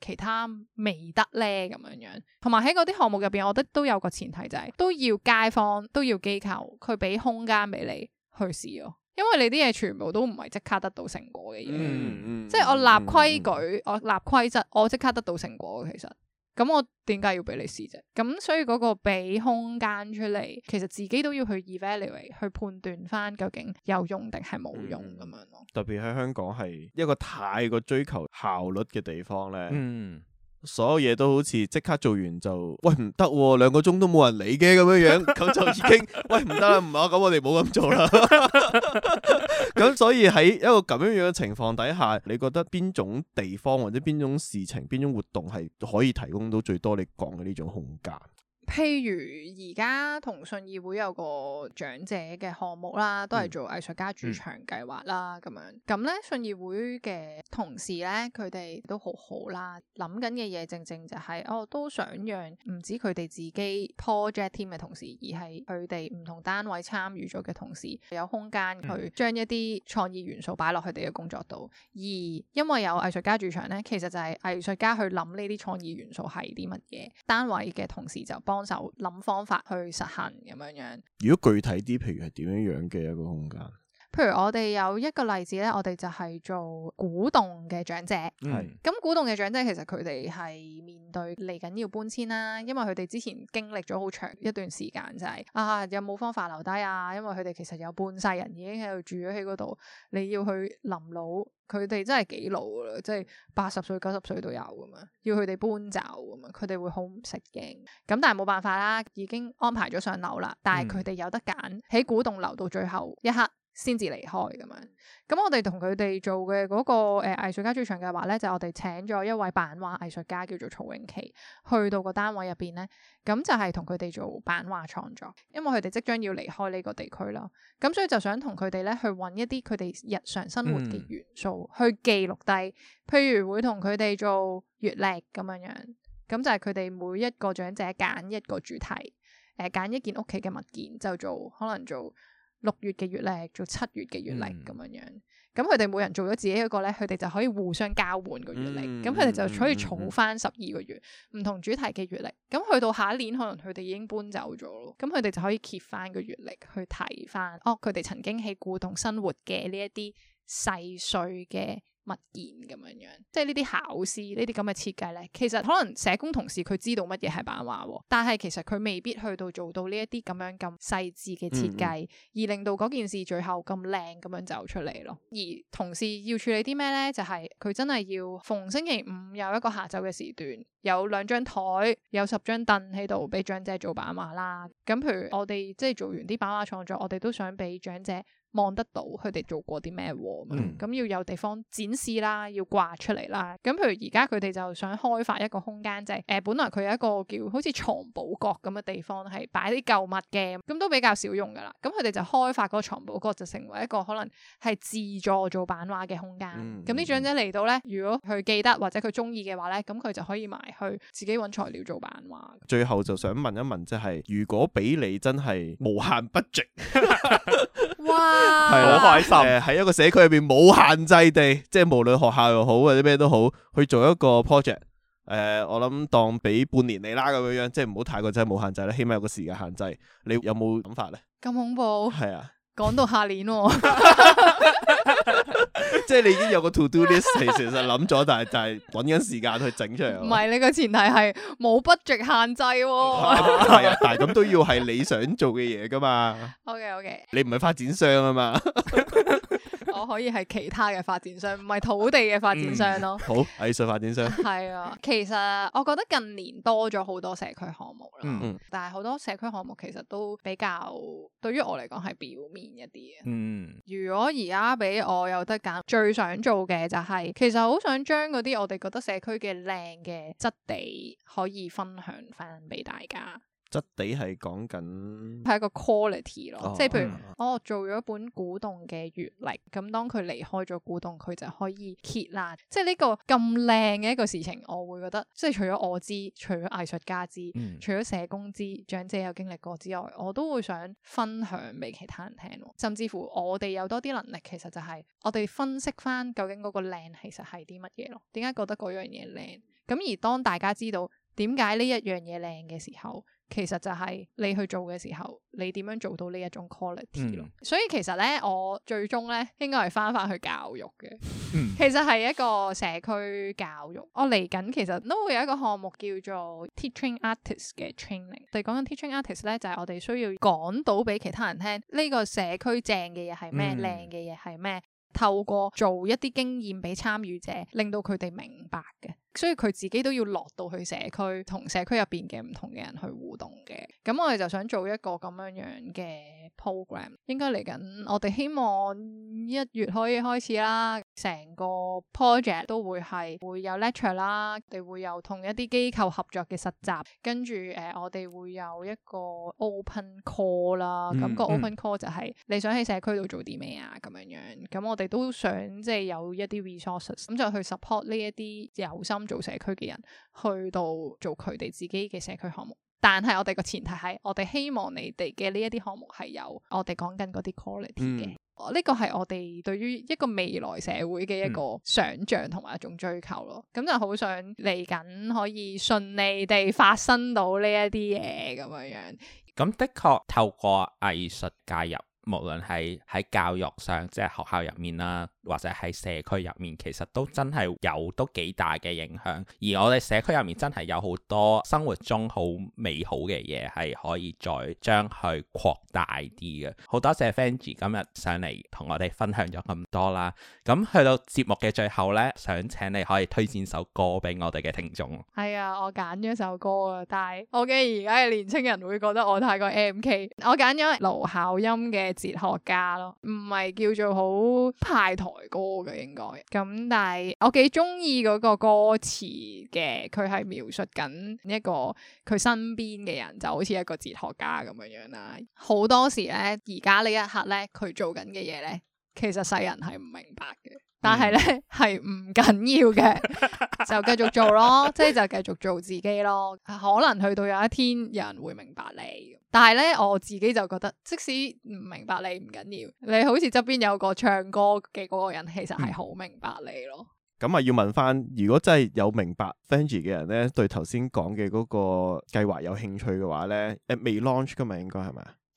其他未得咧？咁樣樣，同埋喺嗰啲項目入邊，我覺得都有個前提就係、係、都要街坊，都要機構，佢俾空間俾你去試咯。因為你啲嘢，全部都唔係即刻得到成果嘅嘢，嗯嗯、即係我立規矩、嗯我立規，我立規則，我即刻得到成果其實，咁我點解要俾你試啫？咁所以嗰個俾空間出嚟，其實自己都要去 evaluate，去判斷翻究竟有用定係冇用咁、嗯、樣咯。特別喺香港係一個太過追求效率嘅地方咧。嗯所有嘢都好似即刻做完就，喂唔得、啊，兩個鐘都冇人理嘅咁樣樣，咁就已經， 喂唔得啦，唔啊，咁、啊、我哋冇咁做啦。咁 所以喺一個咁樣樣嘅情況底下，你覺得邊種地方或者邊種事情、邊種活動係可以提供到最多你講嘅呢種空間？譬如而家同信義會有個長者嘅項目啦都係做藝術家駐場計劃啦咁、嗯嗯、樣咁咧，信義會嘅同事咧，佢哋都好好啦。諗緊嘅嘢，正正就係、是、哦，都想讓唔止佢哋自己 project team 嘅同事，而係佢哋唔同單位參與咗嘅同事有空間去將一啲創意元素擺落佢哋嘅工作度。嗯、而因為有藝術家駐場咧，其實就係藝術家去諗呢啲創意元素係啲乜嘢，單位嘅同事就幫。幫手諗方法去實行咁樣樣。如果具體啲，譬如係點樣樣嘅一個空間？譬如我哋有一個例子咧，我哋就係做古洞嘅長者。咁、嗯、古洞嘅長者其實佢哋係面對嚟緊要搬遷啦、啊，因為佢哋之前經歷咗好長一段時間就係、是、啊，有冇方法留低啊？因為佢哋其實有半世人已經喺度住咗喺嗰度，你要去臨老，佢哋真係幾老啦，即係八十歲、九十歲都有㗎嘛，要佢哋搬走㗎嘛，佢哋會好唔適應。咁但係冇辦法啦，已經安排咗上樓啦，但係佢哋有得揀喺古洞留到最後一刻。先至離開咁樣，咁我哋同佢哋做嘅嗰、那個誒、呃、藝術家駐場計劃咧，就我哋請咗一位版畫藝術家叫做曹永琪，去到個單位入邊咧，咁就係同佢哋做版畫創作，因為佢哋即將要離開呢個地區啦，咁所以就想同佢哋咧去揾一啲佢哋日常生活嘅元素去記錄低，嗯、譬如會同佢哋做月曆咁樣，咁就係佢哋每一個長者揀一個主題，誒、呃、揀一件屋企嘅物件就做，可能做，六月嘅月曆，做七月嘅月曆咁樣樣，咁佢哋每人做咗自己一個咧，佢哋就可以互相交換個月曆，咁佢哋就可以儲翻十二個月唔、嗯、同主題嘅月曆，咁去、嗯、到下一年可能佢哋已經搬走咗咯，咁佢哋就可以揭翻個月曆去睇翻，哦，佢哋曾經喺古洞生活嘅呢一啲細碎嘅。物件咁樣樣，即係呢啲考試呢啲咁嘅設計咧，其實可能社工同事佢知道乜嘢係版畫，但係其實佢未必去到做到呢一啲咁樣咁細緻嘅設計，嗯嗯，而令到嗰件事最後咁靚咁樣走出嚟咯。而同事要處理啲咩咧？就係、是、佢真係要逢星期五有一個下晝嘅時段，有兩張枱，有十張凳喺度俾長者做版畫啦。咁譬如我哋即係做完啲版畫創作，我哋都想俾長者，望得到佢哋做過啲咩喎？咁、嗯嗯嗯、要有地方展示啦，要掛出嚟啦。咁譬如而家佢哋就想開發一個空間，即係，呃，本來佢有一個叫好似藏寶閣咁嘅地方，係擺啲舊物嘅，咁都比較少用噶啦。咁佢哋就開發嗰個藏寶閣，就成為一個可能係自助做版畫嘅空間。咁啲長者嚟到呢，如果佢記得或者佢中意嘅話呢，咁佢就可以埋去自己揾材料做版畫。最後就想問一問，即係如果俾你真係無限 budget，哇！係好、啊、開心誒，喺、呃、一個社區入邊冇限制地，即係無論學校又好或者咩都好，去做一個 project。誒、呃，我諗當俾半年你啦咁樣樣，即係唔好太過真係冇限制啦，起碼有個時間限制。你有冇諗法呢？咁恐怖係啊，講的到下年。 即係你已經有個 to do list，其實諗咗，但係但係揾緊時間去整出嚟。唔係， 你個前提係冇不 u 限制喎。係啊， 啊，但係咁都要係你想做嘅嘢噶嘛。OK，OK Okay, okay.。你唔係發展商啊嘛。 我可以係其他嘅發展商，唔係土地嘅發展商咯。好，藝術發展商。係、嗯、 啊，其實我覺得近年多咗好多社區項目啦，嗯嗯，但係好多社區項目其實都比較對於我嚟講係表面一啲嘅。嗯，如果而家俾我有得揀，最想做嘅就係、是，其實好想將嗰啲我哋覺得社區嘅靚嘅質地可以分享翻俾大家。質地係講緊，係一個 quality 咯，oh, 即係譬如，我、哦哦、做咗一本古董嘅月曆，咁當佢離開咗古董，佢就可以揭爛，即係呢個咁靚嘅一個事情，我會覺得，即係除咗我知，除咗藝術家知，嗯、除咗社工知，長者有經歷過之外，我都會想分享俾其他人聽，甚至乎我哋有多啲能力，其實就係我哋分析翻究竟嗰個靚其實係啲乜嘢咯？點解覺得嗰樣嘢靚？咁而當大家知道點解呢一樣嘢靚嘅時候，其實就係你去做嘅時候，你點樣做到呢一種 quality 咯？嗯、所以其實咧，我最終咧，應該係翻翻去教育嘅。嗯、其實係一個社區教育。我嚟緊其實都會有一個項目叫做 teaching artist 嘅 training。我哋講緊 teaching artist 咧，就係、係、我哋需要講到俾其他人聽，呢、呢個社區正嘅嘢係咩，嗯、靚嘅嘢係咩？透過做一啲經驗俾參與者，令到佢哋明白嘅。所以佢自己都要落到去社區同社區入邊嘅唔同嘅人去互動嘅。咁我哋就想做一個咁樣樣嘅 program，應該嚟緊我哋希望一月可以開始啦。成個 project 都會係會有 lecture 啦，我哋會有同一啲機構合作嘅實習，跟住誒、呃、我哋會有一個 open call 啦。咁、嗯、個 open call 就係、是嗯、你想喺社區度做啲咩啊咁樣樣，咁我哋都想即係、就是、有一啲 resources 咁就去 support 呢一啲有心，做社區嘅人去到做佢哋自己嘅社區項目，但係我哋個前提係，我哋希望你哋嘅呢一啲項目係有我哋講緊嗰啲 quality 嘅，呢個係我哋對於一個未來社會嘅一個想象同埋一種追求咯。咁、嗯、就好想嚟緊可以順利地發生到呢一啲嘢咁樣樣。咁的確透過藝術介入，無論係喺教育上，即係學校入面啦。或者喺社區入面，其實都真係有都幾大嘅影響。而我哋社區入面真係有好多生活中好美好嘅嘢，係可以再將佢擴大啲嘅。好多謝 Vangi 今日上嚟同我哋分享咗咁多啦。咁去到節目嘅最後呢，想請你可以推薦首歌俾我哋嘅聽眾。係啊，我揀咗首歌啊，但係我驚而家嘅年青人會覺得我太過 M K。我揀咗盧巧音嘅《哲學家》咯，唔係叫做好派台。歌嘅應該咁，但係我幾中意嗰個歌詞嘅，佢係描述緊一個佢身邊嘅人，就好似一個哲學家咁樣樣啦。好多時咧，而家呢一刻咧，佢做緊嘅嘢咧。其實世人係唔明白嘅，但係咧係唔緊要嘅， 就繼續做咯， 即係就繼續做自己咯。可能去到有一天，有人會明白你，但係咧我自己就覺得，即使唔明白你唔緊要，你好似側邊有個唱歌嘅嗰個人，其實係好明白你咯。咁啊、嗯嗯，要問翻，如果真係有明白 Vangi 嘅人咧，對頭先講嘅嗰個計劃有興趣嘅話咧，誒、呃，未 launch 噶嘛，應該係咪？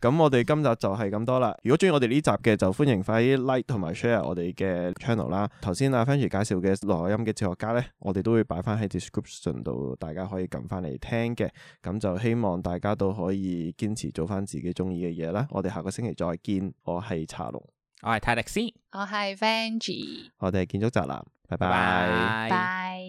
咁我哋今集就係咁多啦。如果中意我哋呢集嘅，就歡迎快啲 like 同埋 share 我哋嘅 channel 啦。頭先阿 Vangi 介紹嘅盧巧音嘅哲學家咧，我哋都會擺翻喺 description 度，大家可以撳翻嚟聽嘅。咁就希望大家都可以堅持做翻自己中意嘅嘢啦。我哋下個星期再見。我係茶龍，我係泰迪斯，我係 Vangi，我哋係建築宅男，拜拜，拜。Bye.